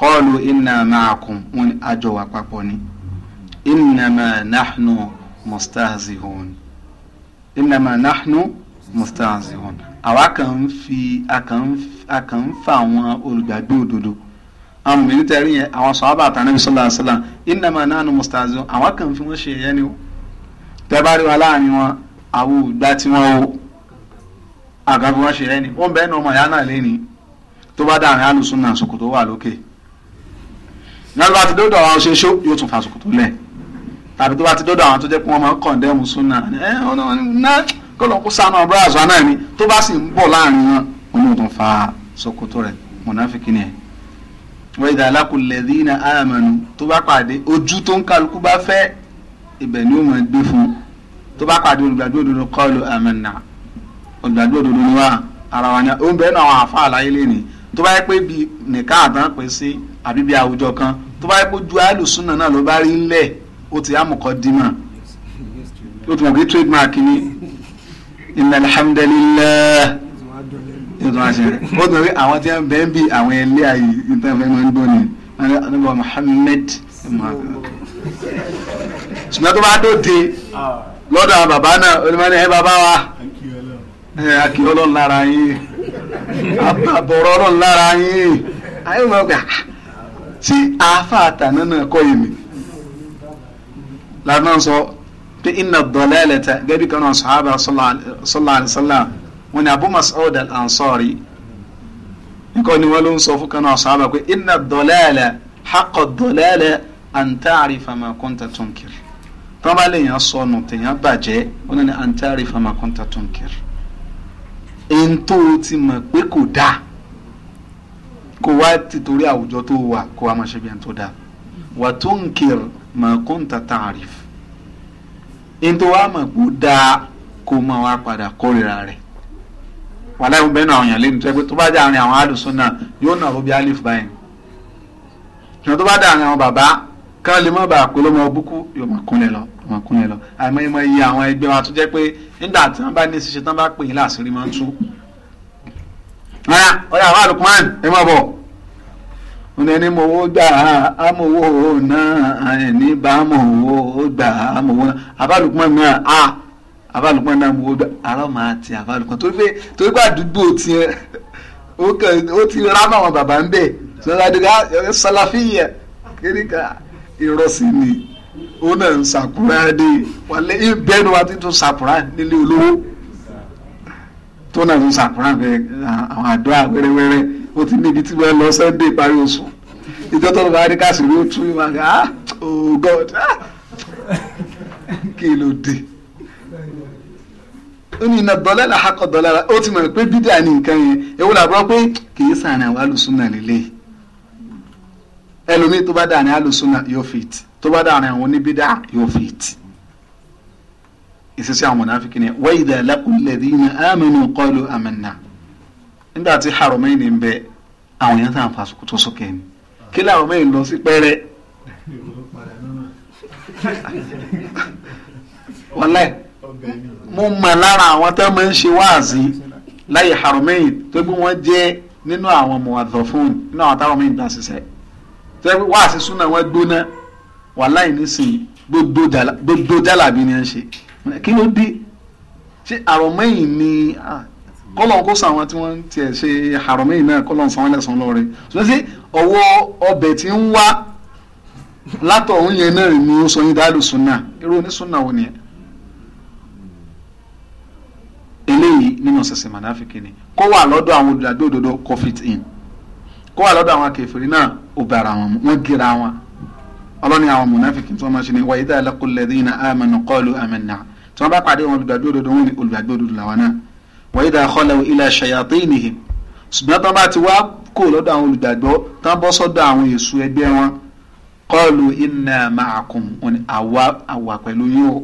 kọ́ọ̀lù iná máa kùn wọ́n ní àjọ wà papọ̀ ni innama nahnu mustahzihun innama nahnu mustahzihun àwa kàn ń fi a kàn ń fa àwọn olùgbàgbé òdodo àwọn mìíràn tẹ́rí yẹn àwọn sọ̀hábà àtàwọn ẹbí sọ́lá sọ́lá innama nahnu mustahzihun àwa kàn ń fi wọ́n ṣe yẹn ni ó tẹ́bárí wa láàrin wọn àwọn ògbà tí wọ́n ó àgbà bí wọ́n ṣe yẹn ni wọ́n bẹ́ẹ̀ ní ọmọ ìyá náà lé ní tó bá dáhùn alùsùn náà sòkòtò wà lókè nígbà tí dódò àwọn ṣe ṣó yóò tún fa sòkòtò lẹ́ẹ̀ tàbí tó bá ti dọ́dọ̀ àwọn tó jẹ́ pé wọ́n máa ń kọ̀ndẹ́mù súnà ẹ náà kó lọ́n kó sànù ọ̀bọ̀rọ̀ àzọ náà ni tó bá sì ń bọ̀ láàrin wọn òun ò tún fa ṣòkòtò rẹ̀ mọ̀nàfíkì ni ẹ̀. wọ́n ìdá alákùnlẹ̀dí na àmàlù tó bá pàdé ojú tó ń kálukú bá fẹ́ ibẹ̀ ni ó máa gbé fún un tó bá pàdé olùgbàdo òdodo kọ́ọ̀lù àmàlà olùgbàdo òdodo ni wá ara wa ni ó ń bẹ́ẹ̀ náà àwọn àfa àlàyé lẹ́nìí tó bá yẹ pé bí ó ti amukọ dima ó ti mọ̀ pé trademark ni inna alhamdulillah ètò àṣẹ ó ti mọ̀ pé àwọn tí wọ́n bẹ́ẹ̀ bí àwọn ẹlẹ́ àyè ìtàfẹ́ máa ń gbọ́ ni anábọ̀ Muhammad ṣùgbọ́n tó bá dóde lọ́dọ̀ àwọn bàbá náà olùmọ̀ọ́nì ẹ bàbá wa ẹ àkì ọlọ́run lára yín àbọ̀rọ̀ ọlọ́run lára yín ayé mọ̀ pé tí ah, ah. àáfàá àtàná náà kọ́ yìí lànà sọ pé inna ad-dalalata gẹ́bí kan náà sahaba sallallahu alayhi wa sallam wọn ni abu mas'ud al-ansari nǹkan ni wọ́n ló ń sọ fún kan náà sahaba pé inna ad-dalala haqqa ad an ta'rifa ma kunta tunkir tán bá lè yàn sọnù tèèyàn bàjẹ́ an ta'rifa ma kunta tunkir èyí tó pé kò dáa kó wá tìtorí àwùjọ tó wà kó wá máa ṣe bí ẹni tó dáa wà tó ń kiri ma kunta ta'rif nítorí wàá mọ̀ pé ó dáa kó máa wá padà kórìíra rẹ̀ wàhálà ìwé bẹ́ẹ̀ náà àwọn èèyàn lé nítorí pé tó bá dáa àárín àwọn alùsùn náà yóò nà lóbi alif báyìí ṣùgbọ́n tó bá dáa àárín àwọn bàbá ká lè má bàa pé ló búkú yóò máa kúnlẹ̀ lọ yóò máa kúnlẹ̀ lọ àmọ́ ìmọ̀ iye àwọn ẹgbẹ́ wa tó jẹ́ pé nígbà tí wọ́n bá ní ṣiṣẹ́ tí bá pè é láṣìírí máa ń tú. ọ̀rẹ́ àwọn àlùkùnrin ẹni mo wo gbà amowó náà ẹni bá mo wo gbà amowó náà abálùpọ̀ náà a abálùpọ̀ náà mo wo gbà ará máa ti abálùpọ̀ torí pé torí pé àdúgbò tiẹ̀ ó kàn ó ti rá mọ́ àwọn bàbá ń bẹ̀ sọládìgá sàlàfíyà kéríkà ìrọsì ni ó náà ń sàkúrà wàlẹ́ ìbẹ́nu wa ti tún sàkúrà nílé olówó tó náà tún sàkúrà bẹ́ẹ̀ àwọn àdúrà wẹ́rẹ́wẹ́rẹ́ ó ti níbi tí wọ́n lọ sunday parí oṣù ìjọ tó lọ́ba adékàsí ló tú ìwà rẹ̀ ah oh god ah kí ló dé ó ní iná dọ́là là hákọ̀ dọ́là là ó ti mọ̀ pé bídà ní nǹkan yẹn ewu làbúrò pé kì í sàrìn àwọn alùsùnà nílé ẹlòmíì tó bá dà alùsùnà yóò fit tó bá dà àwọn oníbídà yóò fit ìṣesí àwọn mọ̀nàfíkì ni wáyé dàlá kúlẹ̀ dín ní àmì ní kọ́ọ̀lù àmì náà nígbà tí Haramain ń bẹ àwọn èèyàn tàn fa ṣòkòtò sókè ni kí Haramain lọ sí pẹ́rẹ́ wọlé mo mọ̀ lára àwọn tó máa ń ṣe wáàzí láyé Haramain tó gbé wọ́n jẹ́ nínú àwọn muwadhafun nínú àwọn táwọn mẹ́rin gbà ṣiṣẹ́ tó yẹ wáàsí súnà wọn gbóná wàláì nísìnyí gbogbo jálàbí ni ẹ ń ṣe kí ló dé ṣé Haramain ni ah, kọ́lọ̀ kó sọ àwọn tí wọ́n tiẹ̀ ṣe àròmẹ́yìn náà kọ́lọ̀ sọ wọ́n lẹ́sàn-án lọ́rẹ́ ṣùgbọ́n sí ọwọ́ ọbẹ̀ tí ń wá látọ̀ òun yẹn náà ni ó sọ yín dáàlù súnà irú onísúnà wo nìyẹn eléyìí nínú ṣẹṣẹ mànáfíkì ni kó wà lọ́dọ̀ àwọn olùdàgbé òdodo kò fit in kó wà lọ́dọ̀ àwọn akẹ́fẹ̀rí náà ó bẹ̀rẹ̀ àwọn wọn gíra wọn ọlọ́ni àwọn mọ̀náfíkì tí wọ́n máa ṣe ni wàyí dáa lẹ́kọ̀ọ́ lẹ́dínà àmàna kọ́ọ̀lù àmàna tí wọ́n bá pàdé àwọn olùdàgbé òdodo wọn ni olùdàgbé òdodo làwọn náà wọ́n yíra kọ́lẹ̀ ilẹ̀ ṣayàtọ̀ ìnìyàn ṣùgbọ́n tán bá ti wá kó lọ́dọ̀ àwọn olùgbàgbọ́ tán bọ́ sọ́dọ̀ àwọn èṣù ẹgbẹ́ wọn kọ́ọ̀lù iná máa kùn òní àwa pẹ̀lú yóò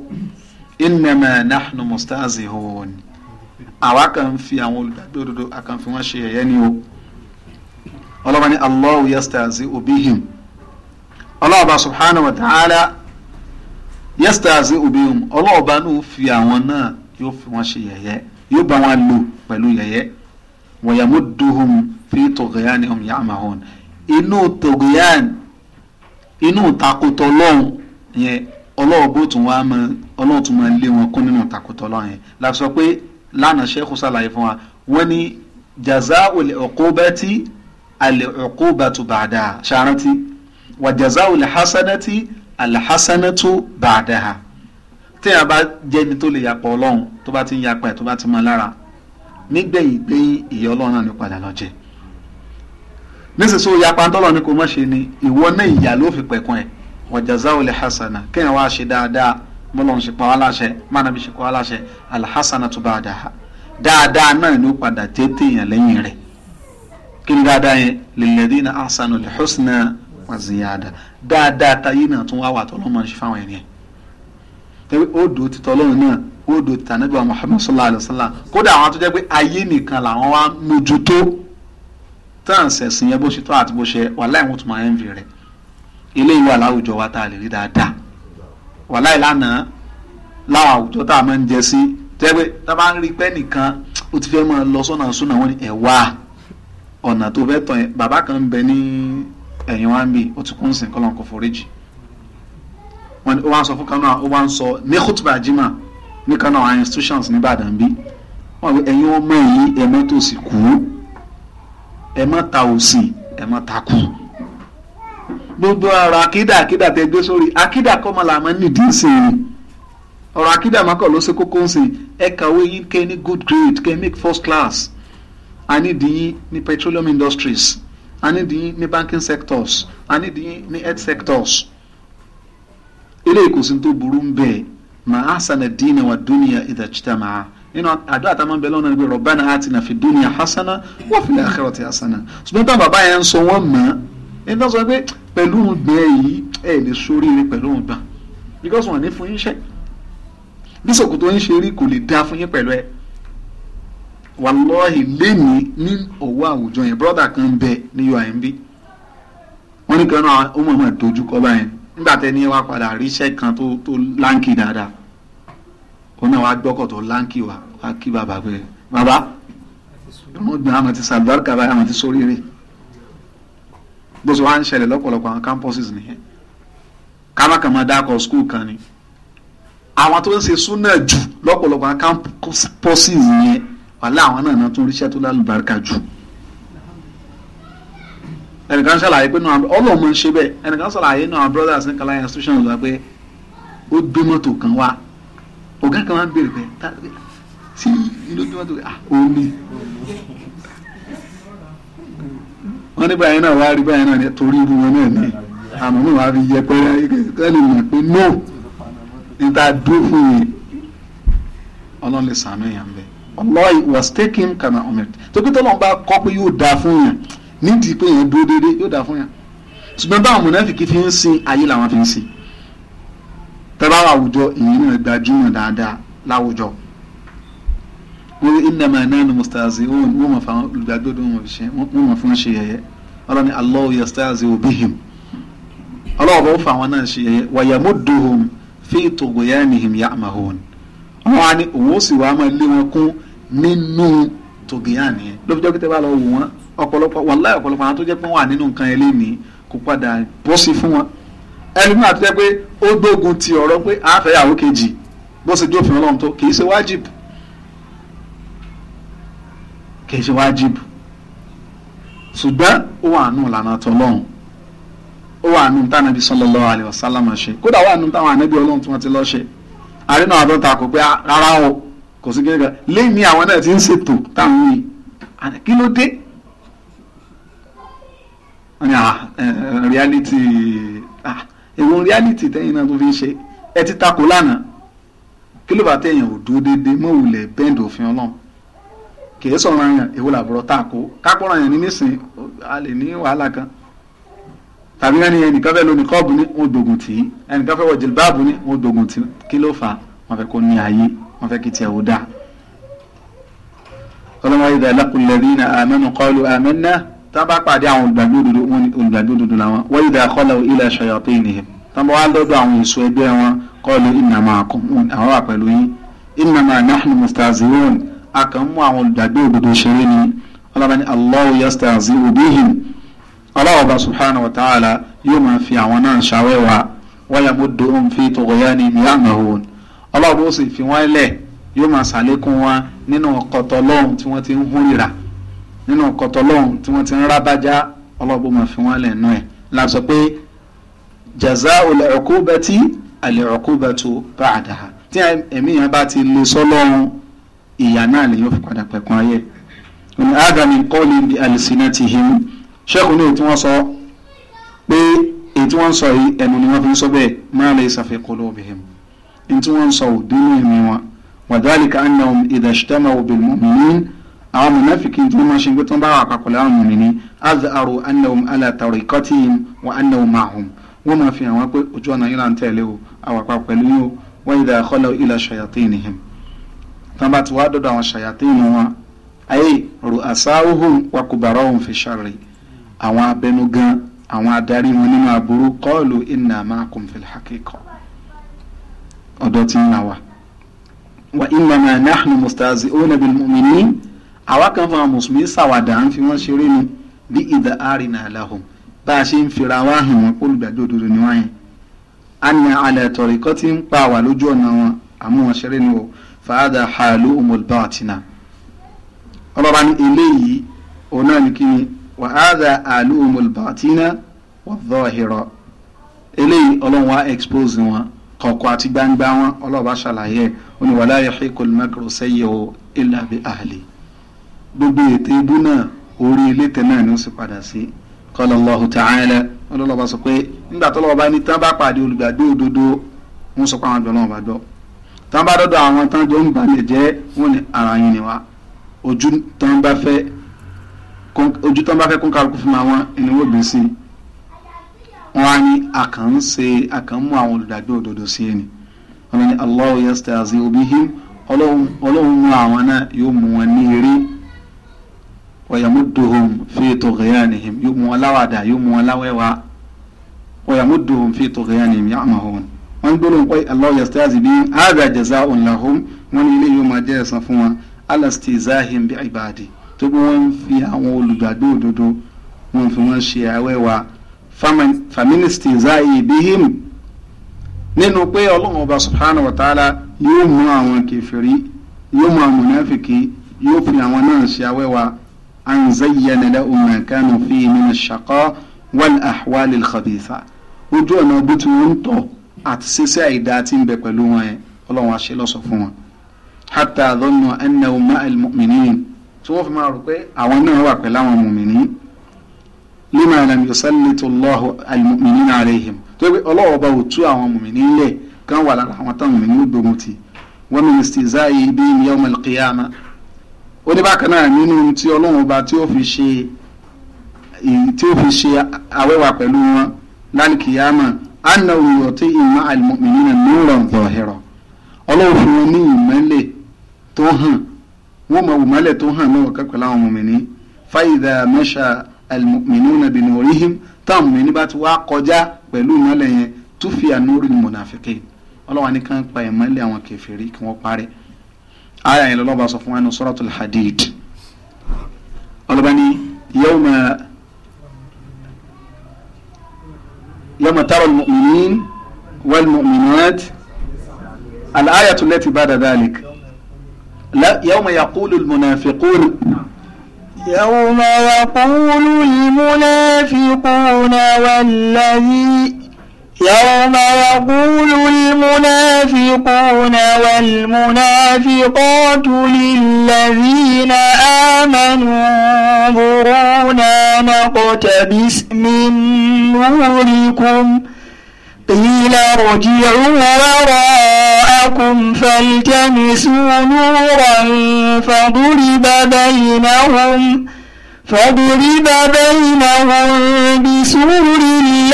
iná máa náhùn mustazi hòn àwa kàn fi àwọn olùgbàgbọ́ òdodo àkàn fi wọ́n ṣe ẹ̀yẹ́ ni o ọlọ́ba ní allahu yastazi obihim ọlọ́ba subhanahu wa ta'ala yastazi obihim ọlọ́ba náà fi àwọn náà yóò fi wọ́n ṣe ẹ̀yẹ́ yóò bá wọn lò pẹ̀lú yẹ̀yẹ́ wọ̀yàmú duhum fi tọ̀gẹ̀yàn ọ̀hún yàmàhún inú tọ̀gẹ̀yàn inú takotọ̀ lọ́hùn yẹn ọlọ́wọ́ bó tún wá mọ ọlọ́wọ́ tún máa lé wọn kún nínú takotọ̀ lọ́hùn yẹn la sọ pé lánàá sẹ́kù sàlàyé fún wa wọ́n ní jazaa'u al-uqubati al-uqubatu ba'daha ṣàrántí wa jazaa'u al-hasanati al-hasanatu ba'daha téèyàn bá jẹ́ ẹni tó lè yàpọ̀ ọlọ́run tó bá ti ń yapa ẹ̀ tó bá ti mọ lára nígbẹ̀yìn gbẹ̀yìn ìyà ọlọ́run náà ní padà lọ jẹ nísinsìnyí yapa tọ́lọ̀ ni kò mọ̀ ṣe ni ìwọ náà ìyà ló fi pẹ̀kun ẹ̀ wàjàzáwò lè hasana kéèyàn wá ṣe dáadáa mọ́lọ́run ṣe pa wá láṣẹ mánàbí ṣe pa wá láṣẹ alhasana tó bá dáa dáadáa náà ni padà tètè yàn lẹ́yìn rẹ̀ kí ni dáadáa yẹn lilladhina ahsanu lil husna wa ziyada dáadáa táyé náà tún wá wà tọ́lọ́ mọ̀ ṣe fáwọn ènìyàn tẹ́wé ó dò ti tọ́lọ́run náà ó dò ti tànàbí wa Muhammad sallallahu alayhi wa sallam kódà àwọn tó jẹ́ pé ayé nìkan làwọn wá mójútó táǹsì ẹ̀sìn yẹn bó ṣe tọ́ àti bó ṣe wà láì wọ́n tún máa ń fi rẹ̀ eléyìí wà láwùjọ wa tá a lè rí dáadáa wà láì lánàá láwọn àwùjọ tá a máa ń jẹ sí tẹ́wé tá a bá ń rí pẹ́ nìkan ó ti fẹ́ máa lọ sọ́nà sọ́nà wọn ni ẹ̀ wá ọ̀nà tó fẹ́ tọ̀ yẹn bàbá kan ń bẹ ní ẹ̀yìn wá ń bì ó ti kún sí kọ́lọ́n foríjì wọn ni ó wá ń sọ fún kan náà ó wá ń sọ ní kútùbà jimá ní kan náà àwọn institutions ní Ìbàdàn bí wọn wí ẹ̀yin ọmọ yìí ẹ mọ́ tòsí kú ẹ mọ́ ta òsì ẹ mọ́ ta kú gbogbo ọ̀rọ̀ akídà akídà tẹ gbé sórí akídà kọ́ mọ́ làmọ́ nídìí ìsìn ọ̀rọ̀ akídà máa kọ̀ ló ṣe kókó ń sìn ẹ kàwé yín kẹ́ ní good grade kẹ́ make first class a ní dìyín ní petroleum industries a ní dìyín ní banking sectors a ní dìyín ní health sectors eléyìí kò sí tó burú ń bẹ̀ màá sànà dínà wà dúnìyà ìdàjítà màá nínú àdúrà tá a máa ń bẹ lọ́nà nígbà rọ̀bánà àti nàfi dúnìyà hasana wa fil akhirati hasana ṣùgbọ́n táwọn bàbá yẹn ń sọ wọ́n mọ̀ ẹ́ ní sọ pé pẹ̀lú òǹgbẹ yìí ẹ̀ lè soríire pẹ̀lú òǹgbà because wọn ò ní fún yín ṣẹ́ bí sòkòtò ń ṣe rí kò lè dáa fún yín pẹ̀lú ẹ̀ wàlọ́ọ̀hì lẹ́ni ní òwò àwùjọ yẹn brọ́dà kan bẹ ní UIMB wọ́n ní kan náà ó dojú kọ báyẹn nígbà tẹni wa padà ríṣẹ́ kan tó tó láǹkì dáadáa òun náà wá gbọ́kọ̀ tó láǹkì wa wá kí bàbá pé bàbá mo gbìn àmọ́ ti sàlùbáríkà báyìí àmọ́ ti sórí rè bó ṣe wá ń ṣẹlẹ̀ lọ́pọ̀lọpọ̀ àwọn campuses nìyẹn kábàkà máa dákọ̀ school kan ni àwọn tó ń ṣe súnà jù lọ́pọ̀lọpọ̀ àwọn campuses yẹn wàhálà àwọn náà tún ríṣẹ́ tó lálùbáríkà jù ẹnìkan ṣàlàyé pé náà ọlọ́run máa ń ṣe bẹ́ẹ̀ ẹnìkan ṣàlàyé náà brothers ní kalaya institution lọ pé ó gbé mọ́tò kan wá ọ̀gá kan wá ń béèrè pé sí lójú mọ́tò ah òun ni wọ́n ní báyìí náà wá rí báyìí náà torí irú wọn náà ni àmọ́ náà wá rí yẹpẹrẹ ẹni mọ̀ pé no níta dúró fún yìí ọlọ́run lè sàánú èèyàn bẹ́ẹ̀ ọlọ́ọ̀ was taking kama ọmọ ẹ̀ tó kí tọ́lọ́run bá kọ́ pé yóò dáa fún yàn nídìí pé èèyàn dúró déédéé yóò dáa fún yàn ṣùgbọ́n báwọn mọ̀nàfìkì fi ń sin ayé làwọn fi ń sin tẹ́lá àwùjọ ìyẹn náà gbajúmọ̀ dáadáa láwùjọ wọ́n ìnàmà náà ni mustazi wọ́n mọ̀ fún olùgbàgbọ́dọ̀ wọ́n mọ̀ fún ṣe yẹyẹ ọlọ́run ni allah yastazi bihim ọlọ́run bá fún àwọn náà ṣe yẹyẹ wàyàmúdùhùn fi tògóyánihìm yàmàhùn wọn á ní òun sì wàá máa lé wọn kún nínú tògóyánihìm lóbi jọ́ pé tẹ́ bá wọ́n ọ̀pọ̀lọpọ̀ wàláì ọ̀pọ̀lọpọ̀ àwọn tó jẹ́ pé wọ́n wà nínú nǹkan ẹ lénìí kó padà bọ́ sí fún wọn ẹlòmíì àti jẹ́ pé ó gbógun ti ọ̀rọ̀ pé àáfẹ́yàwó kejì bó ṣe jófin ọlọ́run tó kì í ṣe wájib kì í ṣe wájib ṣùgbọ́n ó wà nù lànà tọ́lọ́run ó wà nù tànàbí sallallahu alaihi wasallam ṣe kódà wà nù táwọn ànábì ọlọ́run tí wọ́n ti lọ ṣe àrínà àdán kò pé rárá o kò sí kékeré lẹ́yìn àwọn náà ti ń ṣètò táwọn yìí kí ló dé Ah, eh, reality ẹ̀wọ̀n ah, reality tẹ́yìn náà tó fi ń ṣe ẹ ti takò lánàá kí ló bá tẹ̀yìn ò dúró déédéé mọ́ òwúlẹ̀ bend òfin ọlọ́run kìí sọ̀rọ̀ yẹn èwo làbúrò takò kápọ̀rọ̀ yẹn ní nísìn a lè ní wàhálà kan tàbí ẹni ẹnìkan fẹ́ lo nìkọ́ọ̀bù ní wọn dògùn tì í ẹnìkan fẹ́ wọ jìlbáàbù ní wọn dògùn tì í kí ló fà wọn fẹ́ kó ní ayé wọn fẹ́ kí tiẹ̀ ó dáa. ọlọ́mọ ayélujára lákùnrin lẹ́rìí náà àmẹ́nu kọ́ọ̀lù àmẹ́nu tá bá pàdé àwọn olùgbàgbọ́dodo wọn olùgbàgbọ́dodo làwọn wọ́n yìí dà kọ́lọ̀ ila shayatinihim tá bá wá lọ́dọ̀ àwọn èso ẹgbẹ́ wọn kọ́lu inna ma'akum àwọn wà pẹ̀lú yín innama nahnu mustahzi'un a kàn mú àwọn olùgbàgbọ́dodo ṣeré ni ọlọ́bàní Allahu yastahzi'u bihim Allahu bá subhanahu wa ta'ala yóò máa fi àwọn náà ṣàwẹ́wà wọ́n yamudduhum fi tughyanihim fi wọ́n lẹ̀ yóò máa nínú kọtọlọ́hún tí wọ́n ti ń rábàjá ọlọ́gbọ́n máa fi wọ́n lẹ̀ nú ẹ̀ la sọ pé jazaul uqubati al uqubatu ba'daha tí ẹ̀mí yẹn bá ti lè sọ́lọ́run ìyá náà lè yóò fi padà pẹ̀kun ayé òní ádámì kọ́ọ̀lì bí alsinatihim ṣẹ́kù ní ètí wọ́n sọ pé ètí wọ́n sọ yìí ẹnu ni wọ́n fi ń sọ bẹ́ẹ̀ ma laysa fi qulubihim ní tí wọ́n sọ òdínú ẹ̀mí wọn wa dhalika annahum idha ijtama'u bil mu'minin àwọn mùnáfìkì tí wọ́n máa ṣe pé tí wọ́n bá wà papọ̀ láwọn mùmìnì azharu annahum ala tariqatihim wa annahum ma'hum wọ́n máa fi àwọn pé ojú ọ̀nà yìí tẹ̀lé o àwa pa pẹ̀lú yìí o wa idha khalu ila shayatinihim tí wọ́n bá ti wá dọ̀dọ̀ àwọn ṣayatíìnì wọn ayé ru'asauhum wa kubarauhum fi sharri àwọn abẹnugan àwọn adarí wọn nínú aburú qalu inna ma'akum fil haqiqa ọ̀dọ̀ tí ń náà wa innama nahnu mustahzi'una àwa kan fún àwọn mùsùlùmí ṣàwàdà ń fi wọ́n ṣeré ni bí ìdá àrìnà àlàhùn bá a ṣe ń fira wá hàn wọ́n olùgbàdo òdodo ni wọ́n yẹn àna àlẹ́ ẹ̀tọ́ rẹ̀ kọ́ ti ń pa wà lójú ọ̀nà wọn àmú wọn ṣeré ni o fàádà hàlú òmùlbà àtìnà ọlọ́ba ní eléyìí òun náà ní kíni wàhádà hàlú òmùlbà àtìnà wọ́dọ̀ọ̀hìrọ̀ eléyìí ọlọ́run wá expose wọn kọ̀kọ̀ àti gbangba wọn ọlọ́ba ṣàlàyé oníwàlá yẹ kíkọ́ lùmẹ́kọ̀rọ̀ sẹ́yẹ̀ o ìlàbí àhàlì gbogbo ètò ibú náà orí ilé tẹ náà ni ó sì padà sí lọ Allahu ta'ala ọlọ́lọ́ba sọ pé nígbà tó lọ́wọ́ bá ní tán bá pàdé òdodo sọ pé àwọn àgbẹ̀ ọlọ́wọ́ bá gbọ́ tán bá dọ́dọ̀ àwọn tán ara yín ni ojú tán bá fẹ́ kún kálukú fún àwọn ìnáwó sí á ní àkàn ń ṣe àkàn mú àwọn olùgbàgbé òdodo sí wọn ní Allahu yastahzi'u ọlọ́run mú wàyàmúdùhùn في طغيانهم yóò mú wọn láwàdà yóò mú wọn láwẹ́wà wàyàmúdùhùn fi tọ̀gẹ̀yánihìm yóò àmà hùn. wọ́n gbọ́dọ̀ pé allah yastazi bí hada jazaa'un lahum wọ́n ní ilé yóò máa jẹ́ ẹ̀san fún wọn alastizahim bí ibadi tó bí wọ́n fi àwọn olùgbàgbé òdodo wọ́n fi wọ́n ṣe àwẹ́wà faministizahi bihim nínú pé ọlọ́run ọba subhanahu wa ta'ala yóò mú àwọn kèfèrí yóò mú àwọn mùnáfìkì yóò fi àwọn náà ṣe àwẹ́wà أن زين لهم ما كانوا فيه من الشقاء والأحوال الخبيثة ojú ọ̀nà bó ti wọ́n ń tọ̀ àti ṣíṣe àìdá tí ń bẹ pẹ̀lú wọn ẹ̀ ọlọ́run àṣẹ lọ́sọ̀ fún wọn. hatta dhannu annahum ma'al mu'minin tí wọ́n fi máa rò pé àwọn náà wà pẹ̀lú àwọn mùmìnì lima lam yusallitu Allahu al-mu'minina alayhim tó pé ọlọ́wọ́ bá ò tú àwọn mùmìnì lẹ̀ kán wà lára àwọn táwọn mùmìnì ó ti wa min istihza'ihi bihim yawm al ó ní bákan náà nínú tí ọlọ́run ọba tí ó fi ṣe tí ó fi ṣe awẹ́wà pẹ̀lú wọn lálìkìyàmà anna òyìnbọ̀tí ìmọ̀ àlùmọ̀mìnira nùràn zọ̀hẹ̀rọ̀ ọlọ́run fún wọn ní ìmọ̀lẹ̀ tó hàn wọ́n mọ̀ ìmọ̀lẹ̀ tó hàn náà kẹ́kọ̀ọ́ láwọn mọ̀mìnì fáyidà mẹ́ṣà àlùmọ̀mìnira bìnnú oríhìm táwọn mọ̀mìnì bá ti wá kọjá pẹ̀lú ìmọ̀lẹ̀ yẹn túfìyà nùrù ni mọ̀nàfíkì ní ká ń pa ìmọ̀lẹ̀ àwọn kèfèrí kí wọ́n parẹ́ aya yẹn lọ́ba sọ fún wa nínú suratul hadid ọlọ́ba ní yawma yawma tara al-mu'minin wal-mu'minat al-ayatu allati ba'da dhalik لا يوم يقول المنافقون يوم يقول المنافقون والذي يوم يقول المنافقون والمنافقات للذين آمنوا انظرونا نقتبس من نوركم قيل ارجعوا وراءكم فالتمسوا نورا فضرب بينهم فضرب بينهم بسور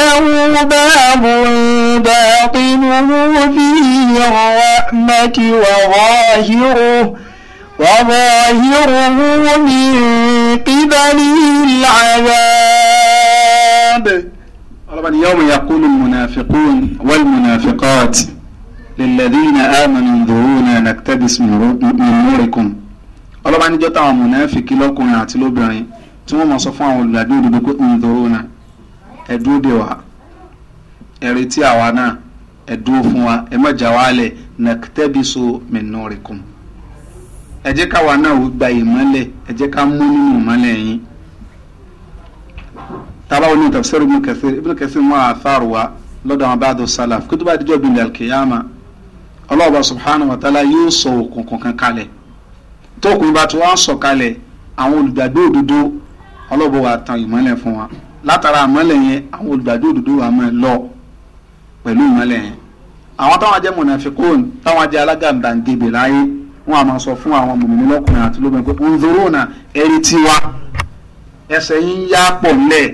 له باب باطنه فيه الرحمة وظاهره وظاهره من قبله العذاب طبعا يوم يقول المنافقون والمنافقات للذين آمنوا انظرونا نكتبس من نوركم طبعا níjọ́ منافق لكم lọ́kùnrin àti ثم tí wọ́n mọ̀ انظرونا ẹ dúró dè awa ẹ retí àwa náà wa ẹ má jà wálẹ̀ naktabisu min nurikum ẹ jẹ́ káwa náà ó gba ìmọ́lẹ̀ ẹ jẹ́ ká mú nínú ìmọ́lẹ̀ yín tábà wọn wa salaf alkiyama subhanahu wa ta'ala yóò sọ òkùnkùn kan sọ àwọn òdodo wa tan fún wa. látara àmọ́lẹ̀ yẹn àwọn olùgbàdo òdodo wa máa lọ pẹ̀lú ìmọ́lẹ̀ yẹn àwọn táwọn ajẹ́ mọ̀nàfíkóòn táwọn ajẹ́ alágàndàǹgebè láyé wọn a máa sọ fún àwọn mọ̀mọ́ lọ́kùnrin àti lóbìnrin pé nzorona ẹ̀rí tiwa ẹsẹ̀ yín yá pọ̀ ńlẹ̀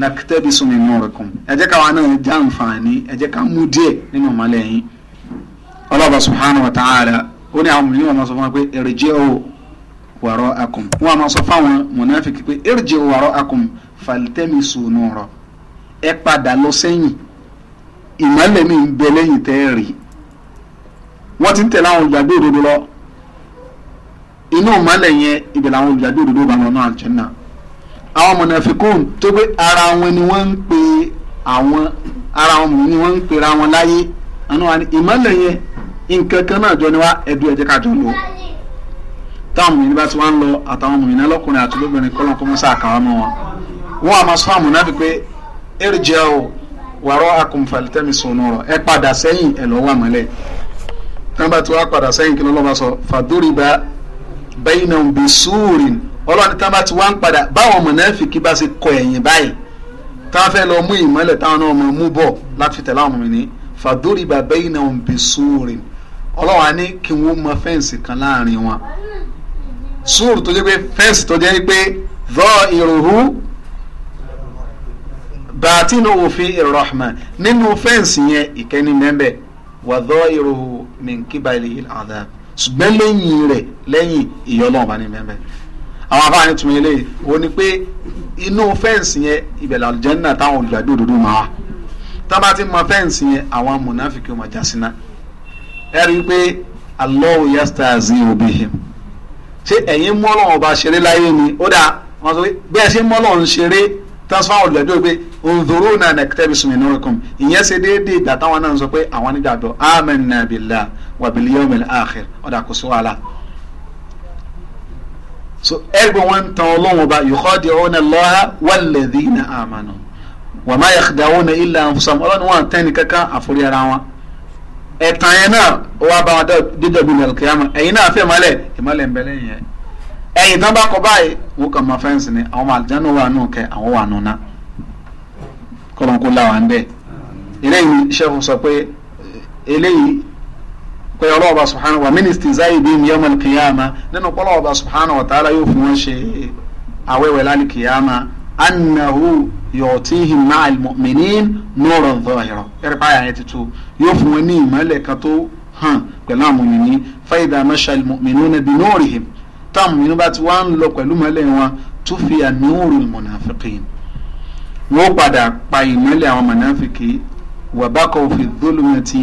nàkítẹ́bí sùn nínú rẹ̀ kùn ẹ jẹ́ káwa náà já àǹfààní ẹ ká mú díẹ̀ nínú ìmọ́lẹ̀ yín ọlọ́ba subhanahu wa ta'ala ó ní àwọn mọ̀mọ́ máa sọ fún wa pé ẹ̀rẹ̀jẹ̀ o wàrọ̀ akùn wọn a máa sọ fún àwọn pé ẹ̀rẹ̀jẹ̀ faltamisu nura ẹ padà lọ sẹ́yìn ìmọ́lẹ̀ mi ń bẹ lẹ́yìn tẹ́ ẹ rí wọ́n ti ń tẹ̀lé àwọn olùgbàgbé òdodo lọ inú ìmọ́lẹ̀ yẹn ibẹ̀ làwọn olùgbàgbé òdodo bá lọ́nà àjẹ́nà àwọn mọ̀nàfikún tó gbé ara wọn ni wọ́n ń pe àwọn ara wọn ni wọ́n ń pera wọn láyé àná wa ni ìmọ́lẹ̀ yẹn nǹkan kan náà jọ ni wá ẹ̀dùn ẹ̀jẹ̀ ká jọ lò táwọn mọ̀nìyàn bá ti wá ń lọ àtàwọn mọ̀nìyàn lọ́kùnrin àti lóbìnrin kọ́lọ́kọ́ mọ́sá àkàwọn mọ́ wọn wọn a máa sọ àwọn múnafi pé èrìjẹ o wàrọ̀ akùnfàlítẹ́mi sọnù rọ ẹ padà sẹ́yìn ẹ lọ́wọ́ àmọ́lẹ̀ nígbà tí wọ́n á padà sẹ́yìn kí lọ́lọ́ bá sọ fàdúrìbà bẹ́yìn náà bí súùrìn ọlọ́ni tí wọ́n bá ti wá ń padà báwọn múnafi kí bá ṣe kọ ẹ̀yìn báyìí táwọn fẹ́ lọ mú ìmọ́lẹ̀ táwọn náà mú bọ̀ láti tẹ̀lé àwọn ọmọ mi ní bẹ́yìn náà bí súùrìn ọlọ́wà bàtínú òfin ìrọ̀hìmà nínú fẹ́ǹsì yẹn ìkẹ́ni mẹ́mbẹ́ wàdọ́ ìròhù mìnkíba ìlú àdá ṣùgbọ́n lẹ́yìn rẹ̀ lẹ́yìn ìyọlọ́wọ́n bá ní mẹ́mbẹ́ àwọn afáàní tún yẹn léyìí ó ní pé inú fẹ́ǹsì yẹn ìbẹ̀lẹ̀ àlùjẹ́nà táwọn olùgbàdo òdodo máa wà tá a bá ti mọ fẹ́ǹsì yẹn àwọn mùnàfíkì ọmọ jásínà ẹ rí i pé Allahu yastazi bihim ṣé ẹ̀yin mọ́lọ́wọ́n ọba ṣeré láyé ni ó dáa wọ́n sọ pé bí ẹ ṣe mọ́lọ́wọ́n ṣeré tasfaw lẹ́dọ̀ pé òǹdòrò náà naqtabis min nurikum ìyẹn ṣe déédéé ìgbà táwọn náà ń sọ pé àwọn nígbàgbọ́ amanna billah wa bil yawmil akhir ọ̀dà kò sí wàhálà. so ẹgbẹ́ wọn tan ọlọ́wọ́n bá yukhadi'una Allaha walladhina amanu wa ma yakhda'una illa anfusahum ọlọ́ni wọn tẹ́ni kankan àforí ara wọn ẹ̀tàn yẹn wọn dídọ̀gbìn ẹ̀yìn tán bá kọ báyìí wọ́n kàn máa fẹ́ǹsì ni àwọn àlùjáná wà nù kẹ àwọn wà nùnà kọ́lọ́n kó láwa ń bẹ̀. eléyìí sẹ́fù sọ pé eléyìí pé ọlọ́ọ̀bà subhanahu wa mínísítì zayi bíi yawm al-qiyama nínú pọ́lọ́ọ̀bà subhanahu wa ta'ala yóò fún wọn ṣe àwẹ̀wẹ̀ lálẹ́ kìyàmà annahu yọtihim maa almu'minin nura zahira ẹrẹpá yàrá ti tu yóò fún wọn ní ìmọ̀lẹ̀ kan hàn pẹ̀lú àwọn mùmìnì fayida masha almu'minuna bi táwọn yìí bá ti wá ń lọ pẹ̀lú mọ́lẹ̀ wọn tó fi àníwòrò mọ̀nàfíkìn wọ́n padà pa ìmọ́lẹ̀ àwọn mọ̀nàfíkì wàbákọ̀ fi dhulumati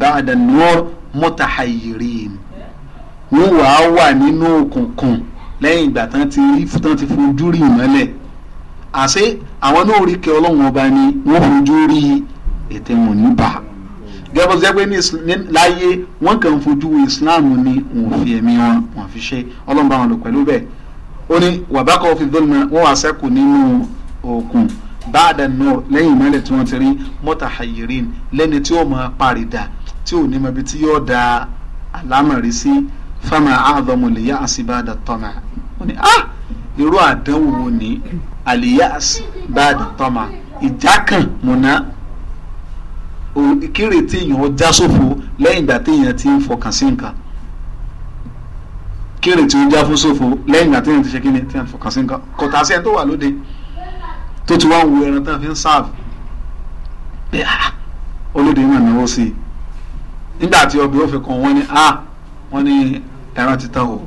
ba'da nur mutahayyirin wọ́n wà á wà nínú òkùnkùn lẹ́yìn ìgbà tán ti tán ti fojú rí ìmọ́lẹ̀ àṣé àwọn náà rí kẹ́ ọlọ́run ọba ni wọ́n fojú rí ètè mọ̀ níbàá gẹ́gẹ́ pé ní láyé wọ́n kàn ń fojú islam ni wọ́n fi ẹ̀mí wọn wọ́n fi ṣe ọlọ́run bá wọn lò pẹ̀lú bẹ́ẹ̀ ó ní wàbákọ̀ fi dọ́lùmí wọ́n wá sẹ́kù nínú òkun báàdà náà lẹ́yìn ìmọ̀lẹ̀ tí wọ́n ti rí mọ́tà hayirin lẹ́ni tí ó máa parìdà tí ò ní mọ tí yóò da àlámọ̀rí sí fama àdọ́mọlẹ́yà àsìbàdà tọ́mà ó ní ah irú àdánwò wo ni àlìyà àsìbàdà tọ́mà ìjà kan kírè tí èèyàn já sófo lẹ́yìn ìgbà tí ti ń fọkàn sí nǹkan kírè tí ó já fún lẹ́yìn ìgbà tí ti ṣe kíni tí èèyàn fọkàn sí nǹkan kọ̀tà sí ẹni tó wà lóde tó ti wá ń wo ẹran fi ń sáàbù pé ah olóde náà náwó sí i nígbà tí ọbẹ̀ òfin kan wọ́n ní ah wọ́n ní ẹran ti tán o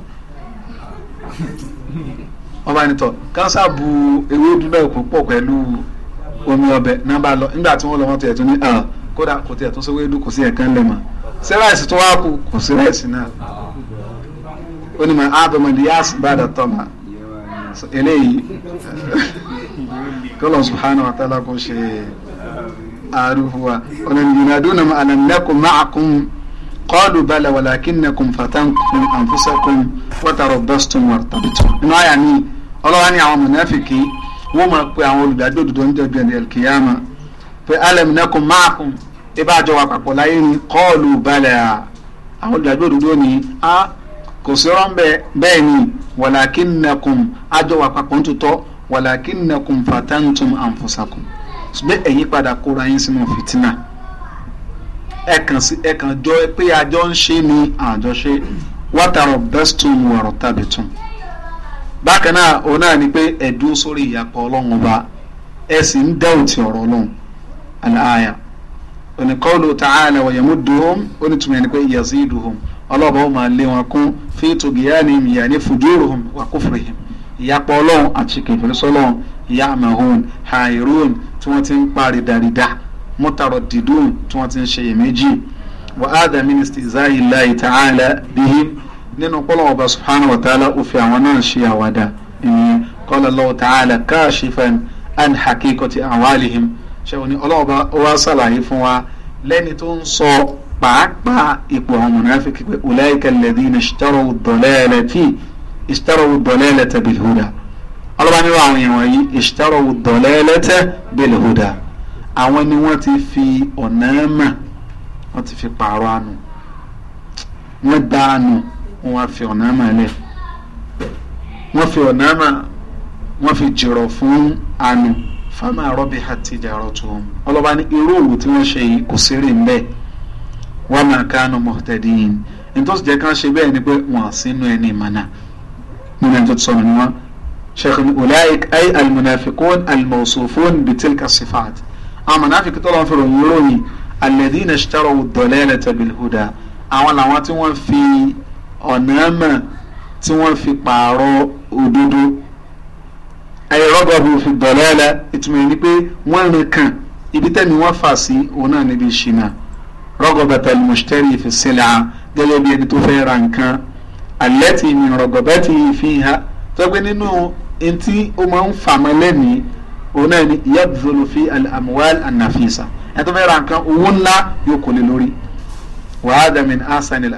wọ́n bá ní tọ̀ kánsá bu pẹ̀lú omi ọbẹ̀ nígbà tí wọ́n ah, kódà kò tiẹ̀ tún sówó edu kò sí ẹ̀kan lẹ́mọ̀ ṣé ráìsì tó wá kù kò sí ráìsì náà ó ní ma ábẹ̀mọ̀ ni yá bàdà tọ́mà eléyìí kọ́lọ̀ subhanahu wa ta'ala kò ṣe àrùfùwà ọ̀nà yunaduna ma ànàmẹ́kùn máàkùn kọ́ọ̀lù balẹ̀ wàlàkínẹ̀kùn fàtàkùn ànfúsàkùn wọ́tàrọ̀ bẹ́stùn wàtàbìtùn nínú àyà mi ọlọ́wà ní àwọn mọ̀nẹ́fìkì wọ́n máa pe àwọn olùdájọ́ òdòdó ń jẹ́ gbẹ̀ndẹ̀ kìyàmà pé alẹ́ mọ̀nẹ́kùn máàkùn tí bá jọ wà papọ̀ láyé ni kọ́ọ̀lù balẹ̀ à àwọn olùdájọ́ òdodo ni a kò sí ọ̀rọ̀ bẹ́ẹ̀ ni wàlàkínàkùn àjọ wà papọ̀ ń tutọ́ wàlàkínàkùn fatantum ànfọ̀sàkùn ṣùgbọ́n ẹ̀yin padà kóra yín sínú fìtínà ẹ kàn sí ẹ kàn jọ pé àjọ ń ṣe ni àjọṣe wátàrọ̀ bẹ́sítùm wọ̀rọ̀ tàbítùm bákan náà òun náà ni pé ẹ̀dùn sórí ìyàpọ̀ ọlọ́run ọba ẹ sì ń dẹ́wùtì ọ̀rọ̀ ọlọ́run àlàáyà òní kọ́ọ̀lù ta'ala wa yamudduhum ó ní túmọ̀ ẹni pé yaziduhum ọlọ́ọ̀bá ó máa lé wọn kún fi tughyanihim yani fujuruhum wa kufrihim ìyapọ̀ ọlọ́run àti kẹfìrí sọlọ́run ìyá àmàhùn hairun tí wọ́n ti ń parí dàrídà mọ́tàrọ̀ dídùn tí wọ́n ti ń ṣe èméjì wa adha min istihza'i Allahi ta'ala bihim nínú pọ́lọ́wọ́ bá subhanahu wa ta'ala ó fi àwọn ṣe àwàdà ìyẹn qala Allahu ta'ala kashifan an haqiqati awalihim ṣẹ́wọ́n ni ọlọ́ọ̀bá ó wá ṣàlàyé fún wa lẹ́ni tó ń sọ pàápàá ipò àwọn mọ̀nàfíkì pé ulaika alladhina ishtaraw ad-dalalati ishtaraw ad-dalalata bil-huda ọlọ́ba ní àwọn èèyàn wọ̀nyí ishtaraw ad-dalalata bil-huda àwọn ni wọ́n ti fi ọ̀nà mà wọ́n ti fi pààrọ̀ àánú wọ́n dá àánú wọ́n wá fi ọ̀nà mà lẹ̀ wọ́n fi ọ̀nà mà wọ́n fi jìrọ̀ fún àánú fama rabihat tijaratuhum ọlọ́ba ní irú òwò tí wọ́n ṣe yìí kò sérè ń bẹ́ẹ̀ wa ma kanu muhtadin nítorí jẹ́ ká ṣe bẹ́ẹ̀ ni pé wọ́n sínú ẹni ìmọ̀nà nínú ẹni tó ti sọnù ni wọ́n sheikh ni ulaik ay almunafiqun almawsufun bitilka sifat àwọn munafiki tó lọ́n fi ròyìn ròyìn alladhina ishtaraw ad-dalalata bilhuda àwọn làwọn tí wọ́n fi ọ̀nà mọ̀ tí wọ́n fi pààrọ̀ òdodo àìrọ́gọ̀bù fi dọ̀lẹ́ ẹlẹ́ ìtumọ̀ ní pé wọ́n rìn kàn ibi tẹ́mi wọ́n fà sí òun náà níbi ìṣìnà rọ́gọ̀bẹ̀tẹ̀ mùsítẹ́rì fi sílẹ̀ á gẹ́gẹ́ bí ẹni tó fẹ́ ra nǹkan alẹ́ ti mi rọ̀gọ̀bẹ̀tì fi hàn tọ́gbẹ́ nínú etí ó máa ń fà mọ́ lẹ́mìí òun náà ni yabzulu fi al-amwal ẹni tó fẹ́ ra nǹkan owó ńlá yóò kò lè lórí wàhádà min asanil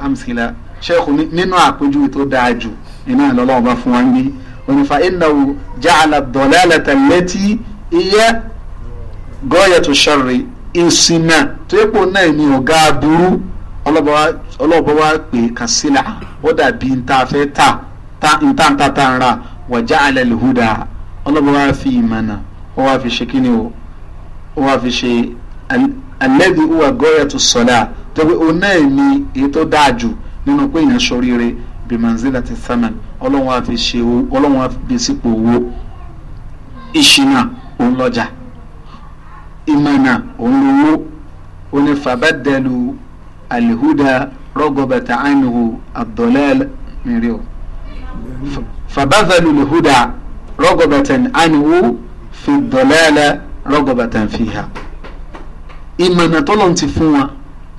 onífa innahu ja'ala ad-dalalata allati hiya gayatu sharri ìsìnà tó yẹ kó náà ní ọ̀gá aburú ọlọ́bọ̀ wa pè kàn sílà ó dàbí nta fẹ́ ta nta nta ta ń ra wa ja'ala al-huda ọlọ́bọ̀ fi ìmọ̀nà ó wá fi ṣe kíni o ó wá fi ṣe alladhi huwa gayatu as-salah tó pé òun náà ní èyí tó dáa jù nínú pé èèyàn ṣoríire bimanzila ti saman ọlọ́run wa fi ṣe owó ọlọ́run wa fi gbé sípò owó ìṣìnà òun lọ́jà ìmọ̀nà òun lówó onífàbàdàlù alihuda rọgọbàtà ànihu abdulal mìíràn fàbàdàlù alihuda rọgọbàtà ànihu fìdọ̀lẹ́lẹ̀ rọgọbàtà fìhà ìmọ̀nà tọ́lọ́n ti fún wọn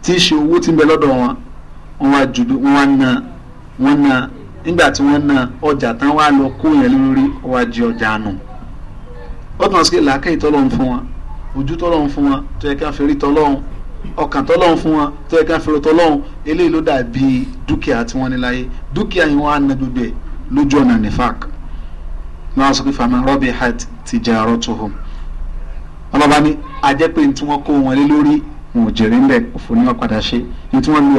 tí ṣe owó tí bẹ lọ́dọ̀ wọn wọn wá jùlọ wọn wá na wọ́n na nígbà tí wọ́n na ọjà tán wá lọ kó yẹn lórí wájú ọjà nù ó tàn sí làákàyè tọ́lọ́run fún wọn ojú tọ́lọ́run fún wọn tó yẹ ká fi ọkàn fún wọn tó yẹ ká eléyìí dúkìá tí wọ́n ní láyé dúkìá yìí wọ́n á na gbogbo ẹ̀ lójú ọ̀nà ti jẹ́ àárọ̀ tó ọlọ́ba ní ní tí wọ́n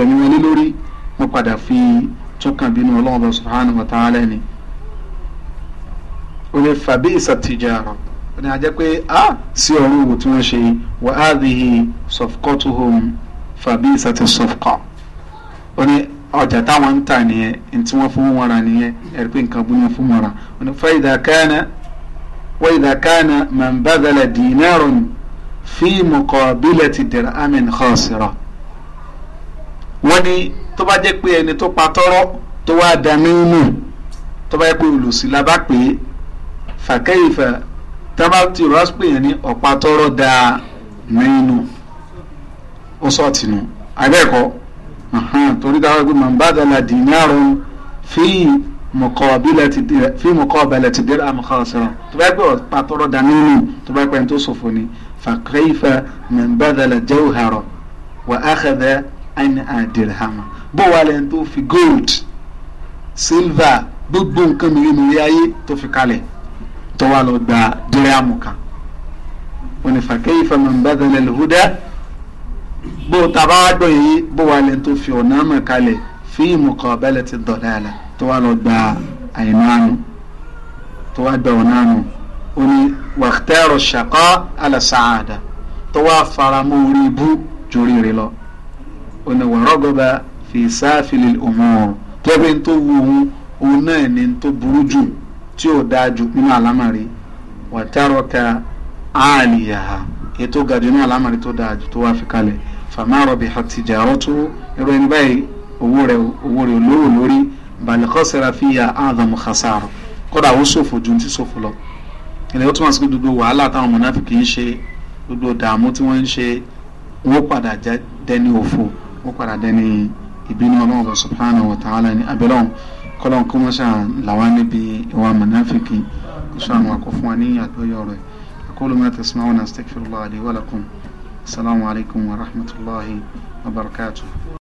lórí wọn ò tọ́kàn bínú ọlọ́run bá subhanahu wa ta'ala ni ó ní fàbí ìsàtìjàrà ó ní ajẹ́ pé a sí ọ̀rọ̀ òwò tí wọ́n ṣe wà á dìhì sọfkọ́tuhum fàbí ìsàtì sọfkọ́ ó ní ọjà táwọn ń tà nìyẹn ní wọ́n fún wọn ra nìyẹn ẹ̀rí pé nǹkan búni fún wọn ra ó ní fàyídà kánà wàyídà kánà màmbàdàlà dìínàrún fí mùkọ̀bílẹ̀ ti dẹ̀rẹ̀ amìn xọ́ọ̀sìrọ̀ wọ́n ní tó bá jẹ́ pé ẹni tó pa tọ́rọ́ tó wá da mímú tó bá jẹ́ pé olùsí la bá pè é fàkẹ́yìfà tábà tí o rásìpè yẹn ní ọ̀pá tọ́rọ́ da mímú ó sọ tìǹú abẹ́ẹ̀kọ́ torí táwọn ẹgbẹ́ màá bá dàlà dìnyàrún fíì fi mọ̀kọ́bẹ̀lẹ̀ ti dẹ́rẹ́ àmọ́kọ́sọ̀rọ̀ tó bá gbé ọ̀pá tọrọ dání nù tó bá pẹ́ tó sòfò ni fàkẹ́yìfà mẹ́ńbẹ́dẹ̀lẹ̀ jẹ́wò hàrọ̀ wà á bó wà lẹ́yìn tó fi gold silver gbogbo nǹkan mèremère ayé tó fi kalẹ̀ tó wà lọ gba dírámù kan wọn ni fàkẹ́yì fàmìbàdàn ẹlẹ́húdà bó tàbá wà gbọ́ yìí bó wà lẹ́yìn tó fi ọ̀nà mọ̀ kalẹ̀ fi muqabalati dalala tó wà lọ gba àyìnmánu tó wà gba ọ̀nàmù ó ní wàhtẹ́rù ṣàkọ́ ala sa'ada tó wà faramọ́ orí ibú jórí rẹ lọ ó ní wàrọ́gọba fi sáfìlì òmùwọ̀n tẹ́gbẹ́ ní tó wu òun òun náà ní tó burú jù tí ò dáa jù nínú àlámọ̀rí wàtárọ̀ka àlìyà ètò gàdú nínú àlámọ̀rí tó dáa jù tó wá fi kalẹ̀ fàmárọ̀bì àtijọ́ àrọ́tú irú ẹni báyìí owó rẹ̀ owó rẹ̀ olóró lórí balikọ́sẹ̀ra fi ya áàdàmù khasaara kódà ó ṣòfò ju ti ṣòfò lọ ilẹ̀ ó túmọ̀ sí gbogbo wàhálà táwọn mọ̀nàfíkì ń ṣe gbogbo dààmú tí wọ́n ń ṣe wọ́n padà dẹni òfò wọ́n padà dẹni ìbínú ọlọ́run subhanahu wa ta'ala ní abẹ́lọ́run kọ́lọ́n kó mọ́ ṣáà làwọn níbi ìwà mọ̀náfíkì kó ṣàánú àkó fún wa ní àgbọ́yọ̀ rẹ̀ aqulu ma tasma'una astaghfirullah li wa lakum assalamu alaykum wa rahmatulahi wa barakatuh.